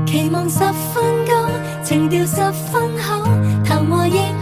期望十分高，情調十分好，談話亦。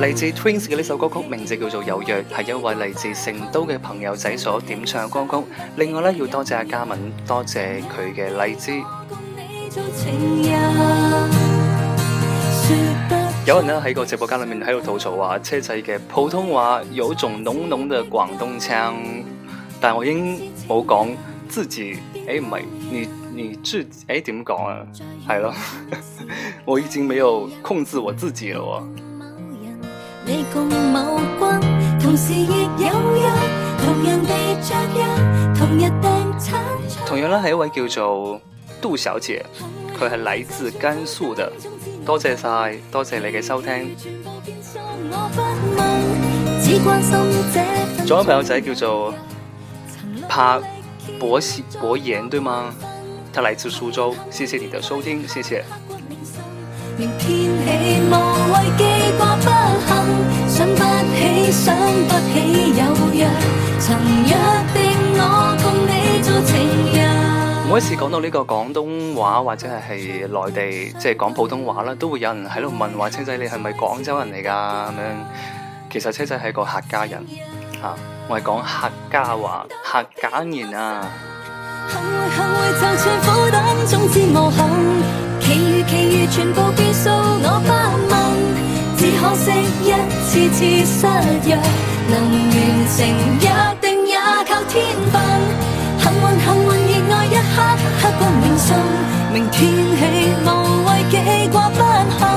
來自 Twins 嘅呢首歌曲名字叫做《有約》，係一位來自成都嘅朋友仔所點唱嘅歌曲。另外咧要多謝阿嘉敏，多謝佢嘅荔枝。有人咧喺個直播間裏面喺度吐槽話，車仔嘅普通話有種濃濃嘅廣東腔，但係我已經冇講自己誒唔係你。你自誒點講啊？係咯， 我已經沒有控制我自己了哦。同樣咧，係一位叫做杜小姐，佢係來自甘肅嘅。多謝晒，多謝你嘅收聽。仲有朋友仔叫做柏博言，對嗎？他來自蘇州，謝謝你的收聽，謝謝。每一次講到呢個廣東話或者係係內地，即係講普通話啦，都會有人喺度問話，車仔你係咪廣州人嚟噶？咁樣，其實車仔係個客家人啊，我係講客家話、客家言啊。幸運幸運，就算苦等，總之無憾。其餘其餘，全部變數，我不問。只可惜一次次失約，能完成一定也靠天份。幸運幸運，熱愛一刻刻骨銘心。明天起無謂記掛不幸，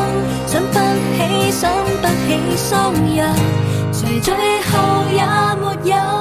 想不起想不起相約，誰最後也沒有。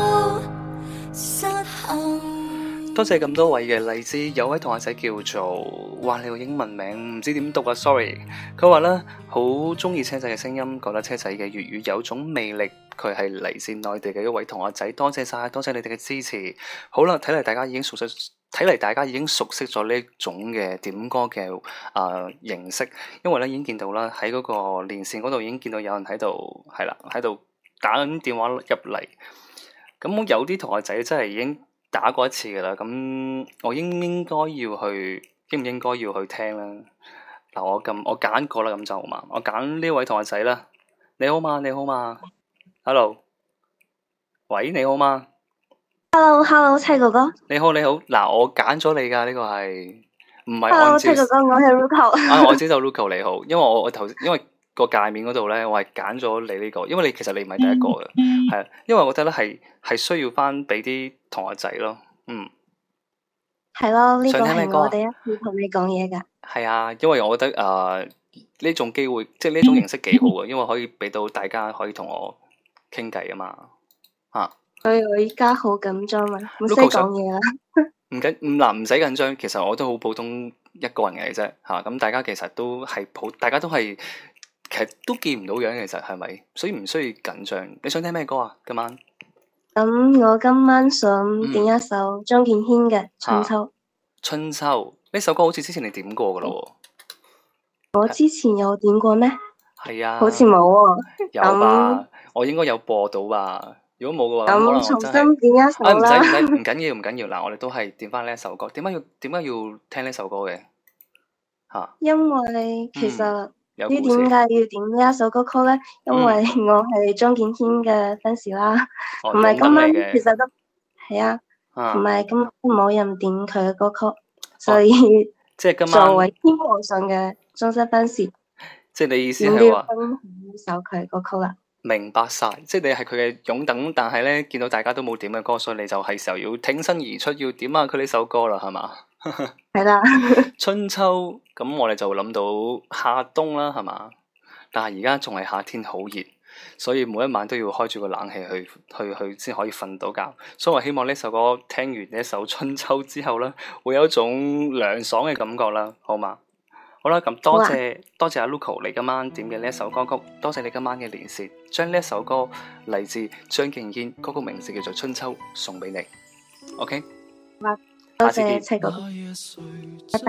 多謝咁多位嘅荔枝，有位同學仔叫做，哇你個英文名唔知點讀啊，sorry，佢話咧好中意車仔嘅聲音，覺得車仔嘅粵語有種魅力，佢係嚟自內地嘅一位同學仔，多謝晒，多謝你哋嘅支持。好啦，睇嚟大家已經熟悉。睇嚟大家已經熟悉咗呢種嘅點歌嘅啊、呃、形式，因為咧已經見到啦，喺嗰個連線嗰度已經見到有人喺度係啦，喺度打緊電話入嚟，咁有啲同學仔真係已經。打過一次噶啦，咁我應應該要去，應唔應該要去聽咧？嗱，我咁我揀過啦，咁就好嘛，我揀呢位同學仔啦。你好嘛，你好嘛，Hello，喂，你好嘛，Hello，Hello，七哥哥，你好你好，嗱我揀咗你噶呢、這個係，唔係 Hello 七哥哥，我係 Ruko 啊我先就 Ruko 你好，因為我我頭先因為。個界面嗰度咧，我係揀咗你呢、這個，因為你其實你唔係第一個嘅，係、嗯，因為我覺得咧係係需要翻俾啲同學仔咯，嗯，係咯，呢、這個係我哋要同你講嘢噶，係啊，因為我覺得誒呢、呃、種機會，即係呢種形式幾好啊，因為可以俾到大家可以同我傾偈啊嘛，啊，所以我依家好緊張啊，唔使講嘢啊。唔緊，唔嗱唔使緊張，其實我都好普通一個人嚟啫，吓、啊，咁大家其實都係普通，大家都係。其實都見唔到樣，其實係咪？所以唔需要緊張。你想聽咩歌啊？今晚？咁我今晚想點一首張敬軒嘅《春秋》。春秋呢首歌好似之前你點過噶啦？我之前有點過咩？係啊，好似冇啊？有吧？我應該有播到吧？如果冇嘅話，咁我重新點一首啦。唔使唔使，唔緊要唔緊要。嗱，我哋都係點翻呢一首歌。點解要點解要聽呢首歌嘅？吓，因為其實。啲點解要點呢一首歌曲咧？嗯、因為我係鍾健軒嘅 fans 啦、哦，同埋今晚其實都係啊，同埋、啊、今晚冇人點佢嘅歌曲，所以即係今晚作為天皇上嘅忠心 fans，即係你意思係話點要呢首佢嘅歌曲啦？明白晒，即係你係佢嘅擁躉，但係咧見到大家都冇點嘅歌，所以你就係時候要挺身而出，要點下佢呢首歌啦，係嘛？係啦， 春秋，咁我哋就諗到夏冬啦，係嘛？但係而家仲係夏天，好熱，所以每一晚都要開住個冷氣去去去，先可以瞓到覺。所以我希望呢首歌聽完呢一首《春秋》之後咧，會有一種涼爽嘅感覺啦，好嘛？好啦，咁多謝、啊、多謝阿 Luko，你今晚點嘅呢一首歌曲，多謝你今晚嘅連線，將呢一首歌嚟自張敬軒，歌曲名字叫做《春秋》，送俾你。OK。 多謝你一齊講，拜拜。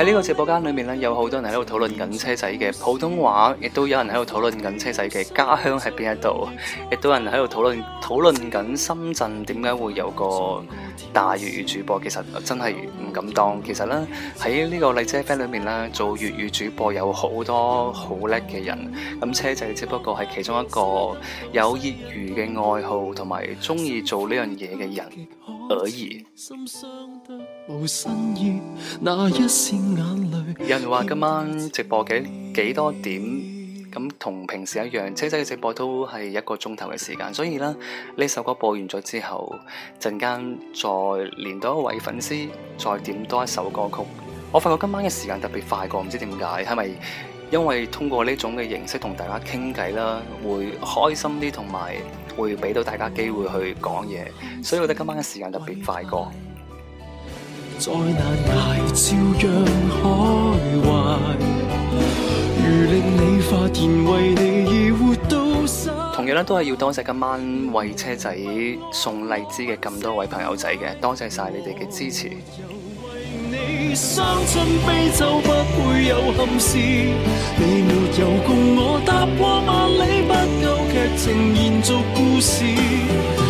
喺呢個直播間裏面咧，有好多人喺度討論緊車仔嘅普通話，亦都有人喺度討論緊車仔嘅家鄉喺邊一度，亦都有人喺度討論討論緊深圳點解會有個大粵語主播。其實真係唔敢當。其實咧，喺呢個荔枝 friend 裏面咧，做粵語主播有好多好叻嘅人。咁車仔只不過係其中一個有業餘嘅愛好同埋中意做呢樣嘢嘅人而已。有一聲眼淚。有人話今晚直播幾幾多點咁同平時一樣，車仔嘅直播都係一個鐘頭嘅時間，所以呢，呢首歌播完咗之後，陣間再連到一位粉絲再點多一首歌曲。我發覺今晚嘅時間特別快過，唔知點解，係咪因為通過呢種嘅形式同大家傾偈啦，會開心啲，同埋會俾到大家機會去講嘢，所以我覺得今晚嘅時間特別快過。再難同樣都係要多謝今晚為車仔送荔枝嘅咁多位朋友仔嘅，多謝晒你哋嘅支持。嗯嗯嗯嗯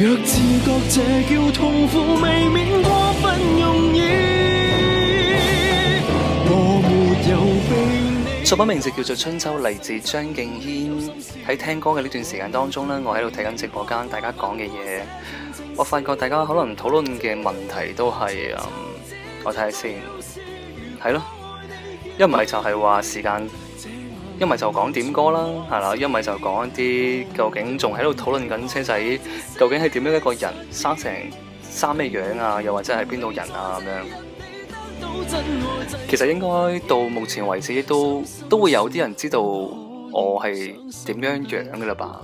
作品名字叫做《春秋》，嚟自張敬軒。喺聽歌嘅呢段時間當中咧，我喺度睇緊直播間，大家講嘅嘢，我發覺大家可能討論嘅問題都係，嗯，我睇下先，係咯，一唔係就係話時間。一咪就講點歌啦，係啦，講一咪就講一啲究竟仲喺度討論緊車仔，究竟係點樣一個人，生成生咩樣啊？又或者係邊度人啊？咁樣，其實應該到目前為止都都會有啲人知道我係點樣樣嘅啦吧。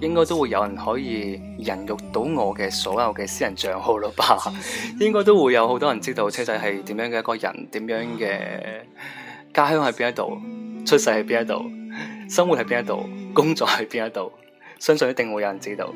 應該都會有人可以人肉到我嘅所有嘅私人帳號啦吧。應該都會有好多人知道車仔係點樣嘅一個人，點樣嘅家鄉喺邊一度。出世喺邊一度，生活喺邊一度，工作喺邊一度，相信一定會有人知道。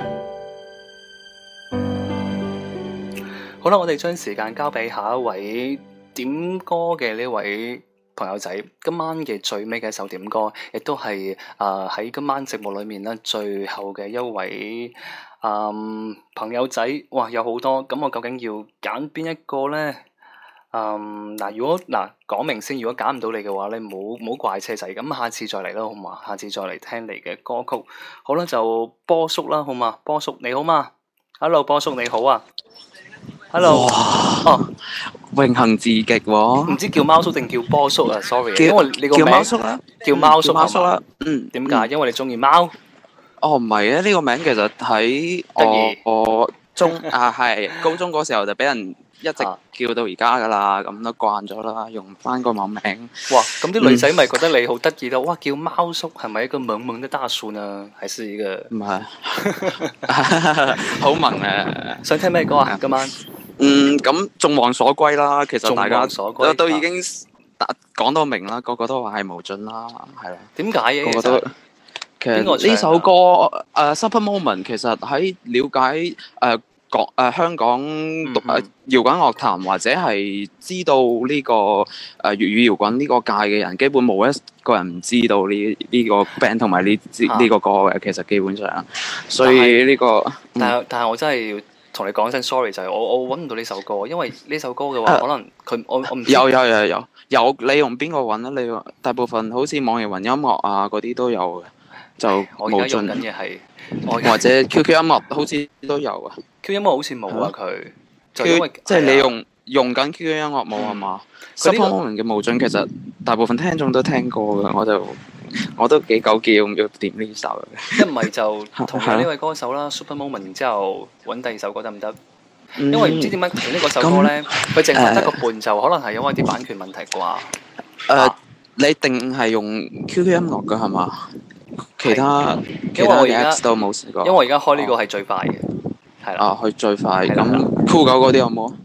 好啦，我哋將時間交俾下一位點歌嘅呢位朋友仔。今晚嘅最尾嘅一首點歌，亦都係誒喺今晚節目裏面咧最後嘅一位誒、嗯、朋友仔。哇，有好多咁，我究竟要揀邊一個咧？嗯，嗱，如果嗱講明先，如果揀唔到你嘅話，你唔好唔好怪車仔，咁下次再嚟啦，好嘛？下次再嚟聽你嘅歌曲，好啦，就波叔啦，好嘛？波叔你好嘛？Hello，波叔你好啊！Hello，哦，榮幸至極喎！唔知叫貓叔定叫波叔啊？Sorry，因為你個叫貓叔啦，叫貓叔啊嘛？嗯，點解？因為你中意貓。哦，唔係啊，呢個名其實喺我我中啊係高中嗰時候就俾人。一直叫到而家噶啦，咁都慣咗啦，用翻個網名。哇！咁啲女仔咪覺得你好得意咯。哇！叫貓叔係咪一個萌萌的大叔呢？還是一個唔係，好萌啊！想聽咩歌啊？今晚嗯，咁眾望所歸啦，其實大家都都已經打講到明啦，個個都話係無盡啦，係啦。點解嘅？我覺得其實呢首歌誒 Super Moment 其實喺瞭解誒。港香港獨誒搖滾樂壇或者係知道呢個誒粵語搖滾呢個界嘅人，基本冇一個人唔知道呢呢個 band 同埋呢呢個歌嘅。其實基本上，所以呢個但係但係我真係要同你講聲 sorry 就係我我揾唔到呢首歌，因為呢首歌嘅話可能佢我我唔知有有有有有你用邊個揾啊？你大部分好似網易雲音樂啊嗰啲都有嘅，就我用緊或者 QQ 音樂好似都有啊。Q 音樂好似冇啊佢，即係你用用緊 QQ 音樂冇係嘛？Super Moment 嘅無盡其實大部分聽眾都聽過嘅，我就我都幾糾結要點呢首，一唔係就同埋呢位歌手啦，Super Moment 之後揾第二首歌得唔得？因為唔知點解呢個首歌咧，佢淨係得個伴奏，可能係因為啲版權問題啩？誒，你定係用 QQ 音樂嘅係嘛？其他其他 Apps 都冇試過，因為而家開呢個係最快嘅。啊！去最快咁，酷狗嗰啲有冇啊？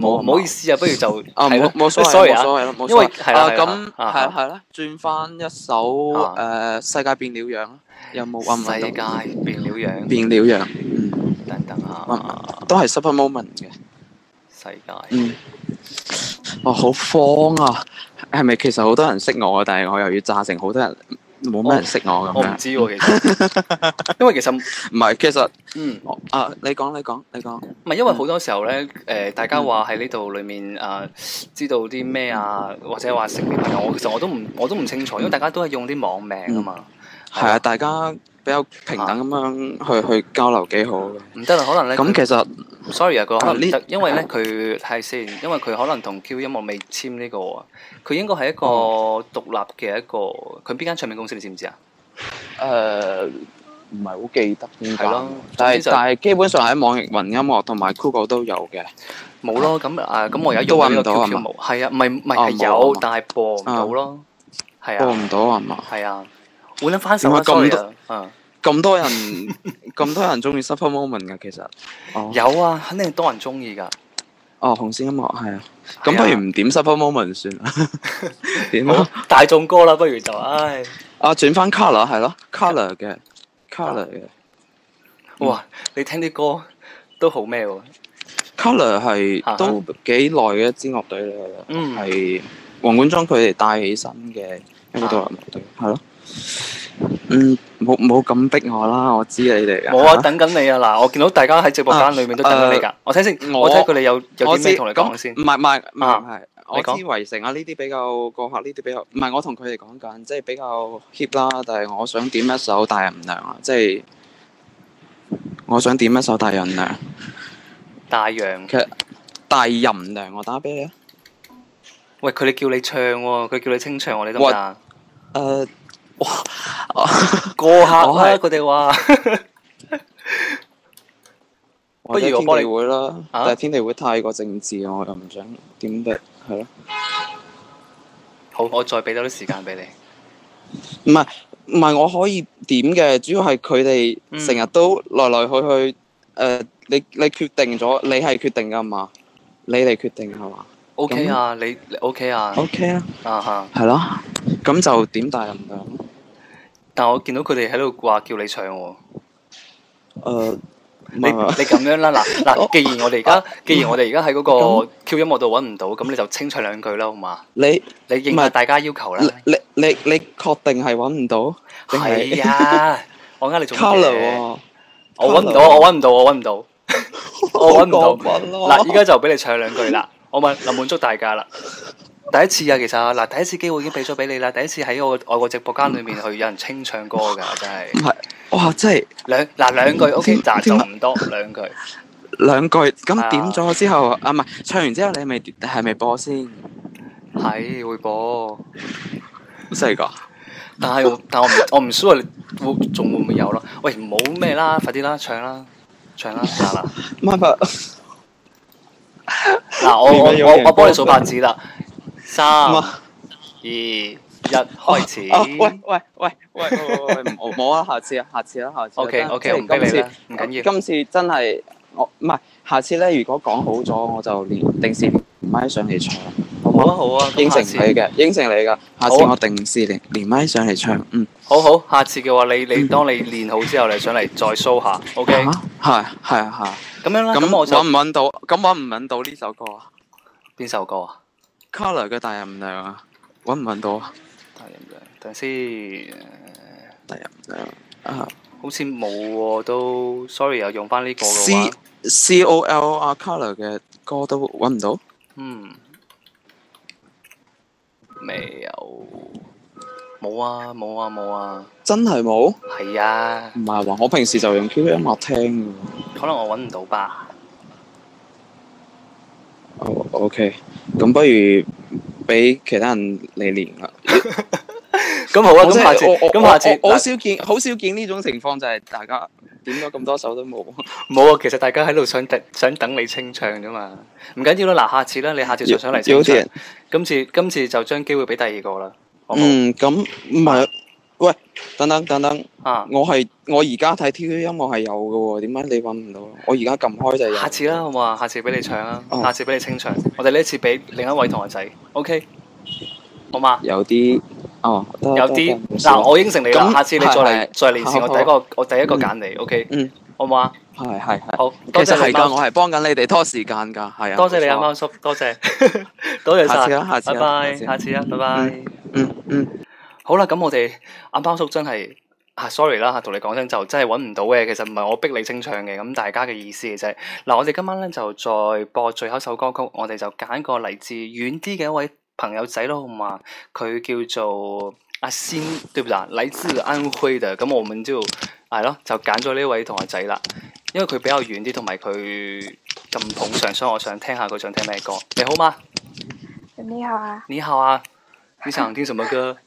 冇，唔好意思啊，不如就啊，冇冇所謂，冇所謂咯。因為啊，咁係啦係啦，轉翻一首誒，世界變了樣。有冇世界變了樣，變了樣。等等啊，都係 Super Moment 嘅世界。嗯，我好慌啊！係咪其實好多人識我啊？但係我又要炸成好多人。冇咩人識我咁樣，我唔知喎、啊。其實， 因為其實唔係，其實嗯啊，你講你講你講，唔係因為好多時候咧，誒、嗯呃，大家話喺呢度裏面啊、呃，知道啲咩啊，或者話識啲咩嘢，我其實我都唔我都唔清楚，因為大家都係用啲網名啊嘛。係、嗯、啊、啊，大家比較平等咁樣去、嗯、去交流幾好。唔得啦，可能你咁其實。Sorry 啊，個可能就因為咧，佢睇先，因為佢可能同 Q 音樂未簽呢個，佢應該係一個獨立嘅一個，佢邊間唱片公司你知唔知啊？誒，唔係好記得。係咯，但係但係基本上喺網易雲音樂同埋 Google 都有嘅。冇咯，咁啊咁我而家都用到 Q 音樂係啊，唔係唔係有，但係播唔到咯。係啊，播唔到啊嘛。係啊，我啲 fans 冇啊。咁多人咁多人中意 Super Moment 噶，其實有啊，肯定多人中意噶。哦，紅線音樂係啊，咁不如唔點 Super Moment 算啦。點啊？大眾歌啦，不如就唉。啊，轉翻 Color 係咯，Color 嘅 Color 嘅。哇，你聽啲歌都好咩喎？Color 係都幾耐嘅一支樂隊嚟噶。嗯，係黃冠莊佢哋帶起身嘅一個獨立樂隊，係咯。嗯，冇冇咁逼我啦，我知你哋啊。冇啊，等緊你啊！嗱，我見到大家喺直播間裏面都等緊你噶。我睇我睇佢哋有有啲咩同你講先。唔係唔係唔係，我知圍城啊呢啲比較過客，呢啲比較唔係我同佢哋講緊，即係比較 hit 啦。但係我想點一首《大吟娘》啊，即係我想點一首洋《大吟娘》。大洋劇《大吟娘》，我打俾你啊！喂，佢哋叫你唱喎、哦，佢叫你清唱，你得唔得啊？誒。呃呃哇，過下，我係佢哋話，不如們 天地會啦，啊、但係天地會太過政治，我又唔想點大，係咯。好，我再俾多啲時間俾你。唔係唔係，我可以點嘅，主要係佢哋成日都來來去去，誒、呃，你你決定咗，你係決定噶嘛？你嚟決定係嘛？O K 啊，那你 O K 啊，O K 啊，okay、啊哈，係咯、uh，咁、huh. 就點大唔大？但我見到佢哋喺度掛叫你唱喎、哦呃。你你咁樣啦，嗱嗱，既然我哋而家，既然我哋而家喺嗰個 Q 音樂度揾唔到，咁你就清唱兩句啦，好嘛？你你應下大家要求啦。你你你，你確定係揾唔到？係啊，我壓力仲大嘅。卡良啊！我揾唔到、啊、到，我揾唔到，我揾唔到， 我揾唔到。嗱，而家就俾你唱兩句啦。我問能滿足大家啦。第一次啊，其實嗱，第一次機會已經俾咗俾你啦。第一次喺我外國直播間裏面去有人清唱歌嘅，真係唔係，哇，真係兩嗱兩句 OK，就唔多兩句，兩、okay, 兩句咁點咗之後啊，唔係、啊、唱完之後你係咪係咪播先？係會播，真係噶！但係我但係我唔我唔 sure 你仲會唔會有咯。喂，唔好咩啦，快啲啦，唱啦，唱啦，得啦，嗱， 我 我 我我幫你數拍子啦。三二一，開始。喂喂喂喂，冇啊，下次啊，下次啦，下次。O K O K，唔逼你啦，唔緊要。今次真係我唔係下次咧。如果講好咗，我就連定時連麥上嚟唱。好啊好啊，應承你嘅，應承你噶。下次我定時連連麥上嚟唱，嗯。好好，下次嘅話，你你當你練好之後，你上嚟再 show 下。O K，係係係。咁樣啦。咁我，揾唔揾到？咁揾唔揾到呢首歌啊？邊首歌啊？Color 嘅大音量，啊，搵唔搵到啊？大音量，等先。大音量啊，好似冇喎，都，sorry 又用返呢個咯。C C O L 啊，Color 嘅歌都搵唔到？嗯，未有，冇啊，冇啊，冇啊，真係冇？係啊，唔係話我平時就用 QQ 音樂聽，可能我搵唔到吧。哦、oh，OK，咁不如俾其他人嚟練啦。咁 好啊，即係我我我，我，我，我好少見， 好少見呢種情況就係、是、大家點咗咁多首都冇。冇啊， 其實大家喺度想等，想等你清唱啫嘛。唔緊要啦，嗱，下次啦，你下次再上嚟清唱。今次今次就將機會俾第二個啦。好好嗯，咁唔係。喂，等等等等，啊，我係我而家睇 T V 音樂係有嘅喎，點解你揾唔到？我而家撳開就係有。下次啦，好唔好啊？下次俾你唱啊，下次俾你清唱。我哋呢一次俾另一位同學仔，OK，好嘛？有啲，哦，有啲，嗱，我應承你咯，下次你再再嚟我第一個，我第一個揀你，OK，嗯，好唔好啊？係係係，好，多謝係噶，我係幫緊你哋拖時間噶，係啊。多謝你啊，貓叔，多謝，多謝，下次啦，下次拜拜，下次啦，拜拜，嗯嗯。好啦，咁我哋阿包叔真係吓、啊、sorry 啦吓，同你講聲就真係揾唔到嘅，其實唔係我逼你清唱嘅，咁大家嘅意思嘅、就、啫、是。嗱，我哋今晚咧就再播最後一首歌曲，我哋就揀個嚟自遠啲嘅一位朋友仔咯，嘛，佢叫做阿仙，in, 對唔住啊，嚟自安徽嘅，咁我們就係咯，就揀咗呢位同學仔啦。因為佢比較遠啲，同埋佢咁捧場，所以我想聽下佢想聽咩歌。你好嗎？你好啊。你好啊。你想聽什麼歌？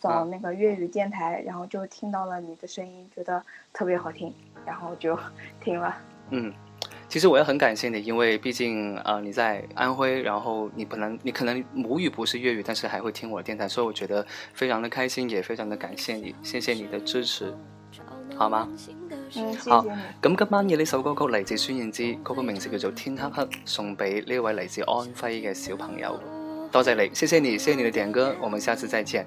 找那個粵語電台、嗯，然後就聽到了你的聲音，覺得特別好聽，然後就聽了。嗯，其實我也很感謝你，因為畢竟呃你在安徽，然後你不能你可能母語不是粵語，但是還會聽我的電台，所以我覺得非常的開心，也非常的感謝你，謝謝你的支持，好嗎？嗯、謝謝你好，咁今晚嘅呢首歌曲嚟自孫燕姿，歌曲名字叫做《天黑黑》，送俾呢位嚟自安徽嘅小朋友，多謝你、嗯，謝謝你，謝謝你的點歌，我們下次再見。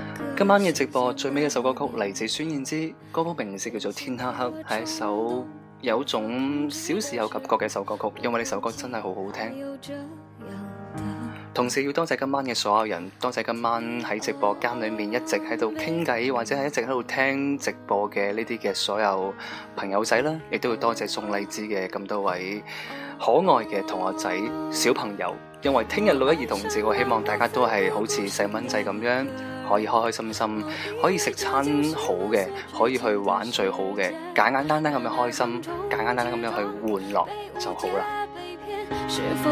今晚嘅直播最尾嘅首歌曲嚟自孫燕姿，歌曲名字叫做《天黑黑》，係一首有種小時候感覺嘅首歌曲。因為呢首歌真係好好聽，嗯、同時要多謝今晚嘅所有人，多謝今晚喺直播間裏面一直喺度傾偈或者係一直喺度聽直播嘅呢啲嘅所有朋友仔啦，亦都要多謝送荔枝嘅咁多位可愛嘅同學仔小朋友。因為聽日六一兒童節，我希望大家都係好似細蚊仔咁樣。可以開開心心，可以食餐好嘅，可以去玩最好嘅，簡簡單單咁樣開心，簡簡單單咁樣去玩樂就好啦。是否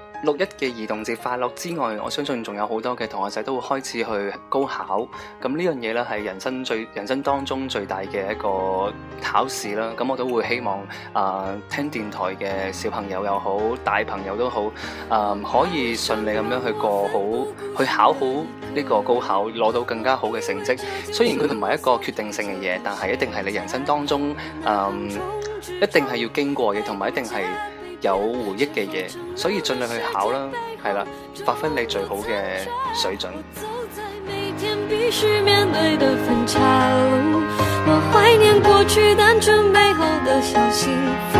六一嘅兒童節快樂之外，我相信仲有好多嘅同學仔都會開始去高考。咁呢樣嘢咧係人生最人生當中最大嘅一個考試啦。咁我都會希望啊，聽電台嘅小朋友又好，大朋友都好，啊可以順利咁樣去過好，去考好呢個高考，攞到更加好嘅成績。雖然佢唔係一個決定性嘅嘢，但係一定係你人生當中，嗯，一定係要經過嘅，同埋一定係。有回憶嘅嘢，所以盡量去考啦，係喇，發揮你最好嘅水準。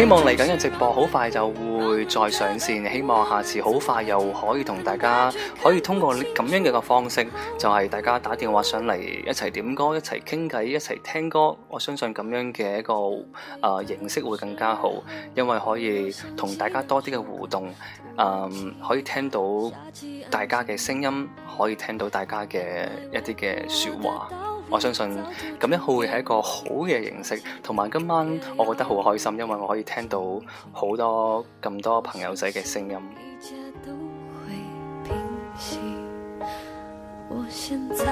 希望嚟緊嘅直播好快就會再上線，希望下次好快又可以同大家可以通過咁樣嘅一個方式，就係、是、大家打電話上嚟一齊點歌、一齊傾偈、一齊聽歌。我相信咁樣嘅一個誒、呃、形式會更加好，因為可以同大家多啲嘅互動，誒、呃、可以聽到大家嘅聲音，可以聽到大家嘅一啲嘅說話。我相信咁樣會係一個好嘅形式，同埋今晚我覺得好開心，因為我可以聽到好多咁多朋友仔嘅聲音。音樂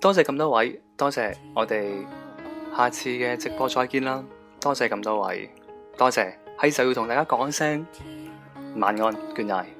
多謝咁多位，多謝，我哋下次嘅直播再見啦！多謝咁多位，多謝，喺就要同大家講聲晚安，good night。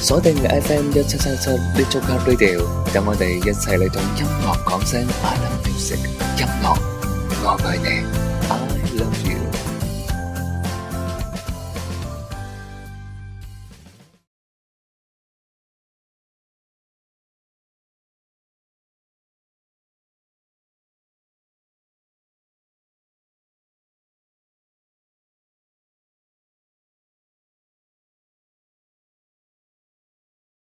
鎖定 F M 一七三七的珠江 radio，等我哋一齊嚟同音樂講聲 I love music，音樂我愛你。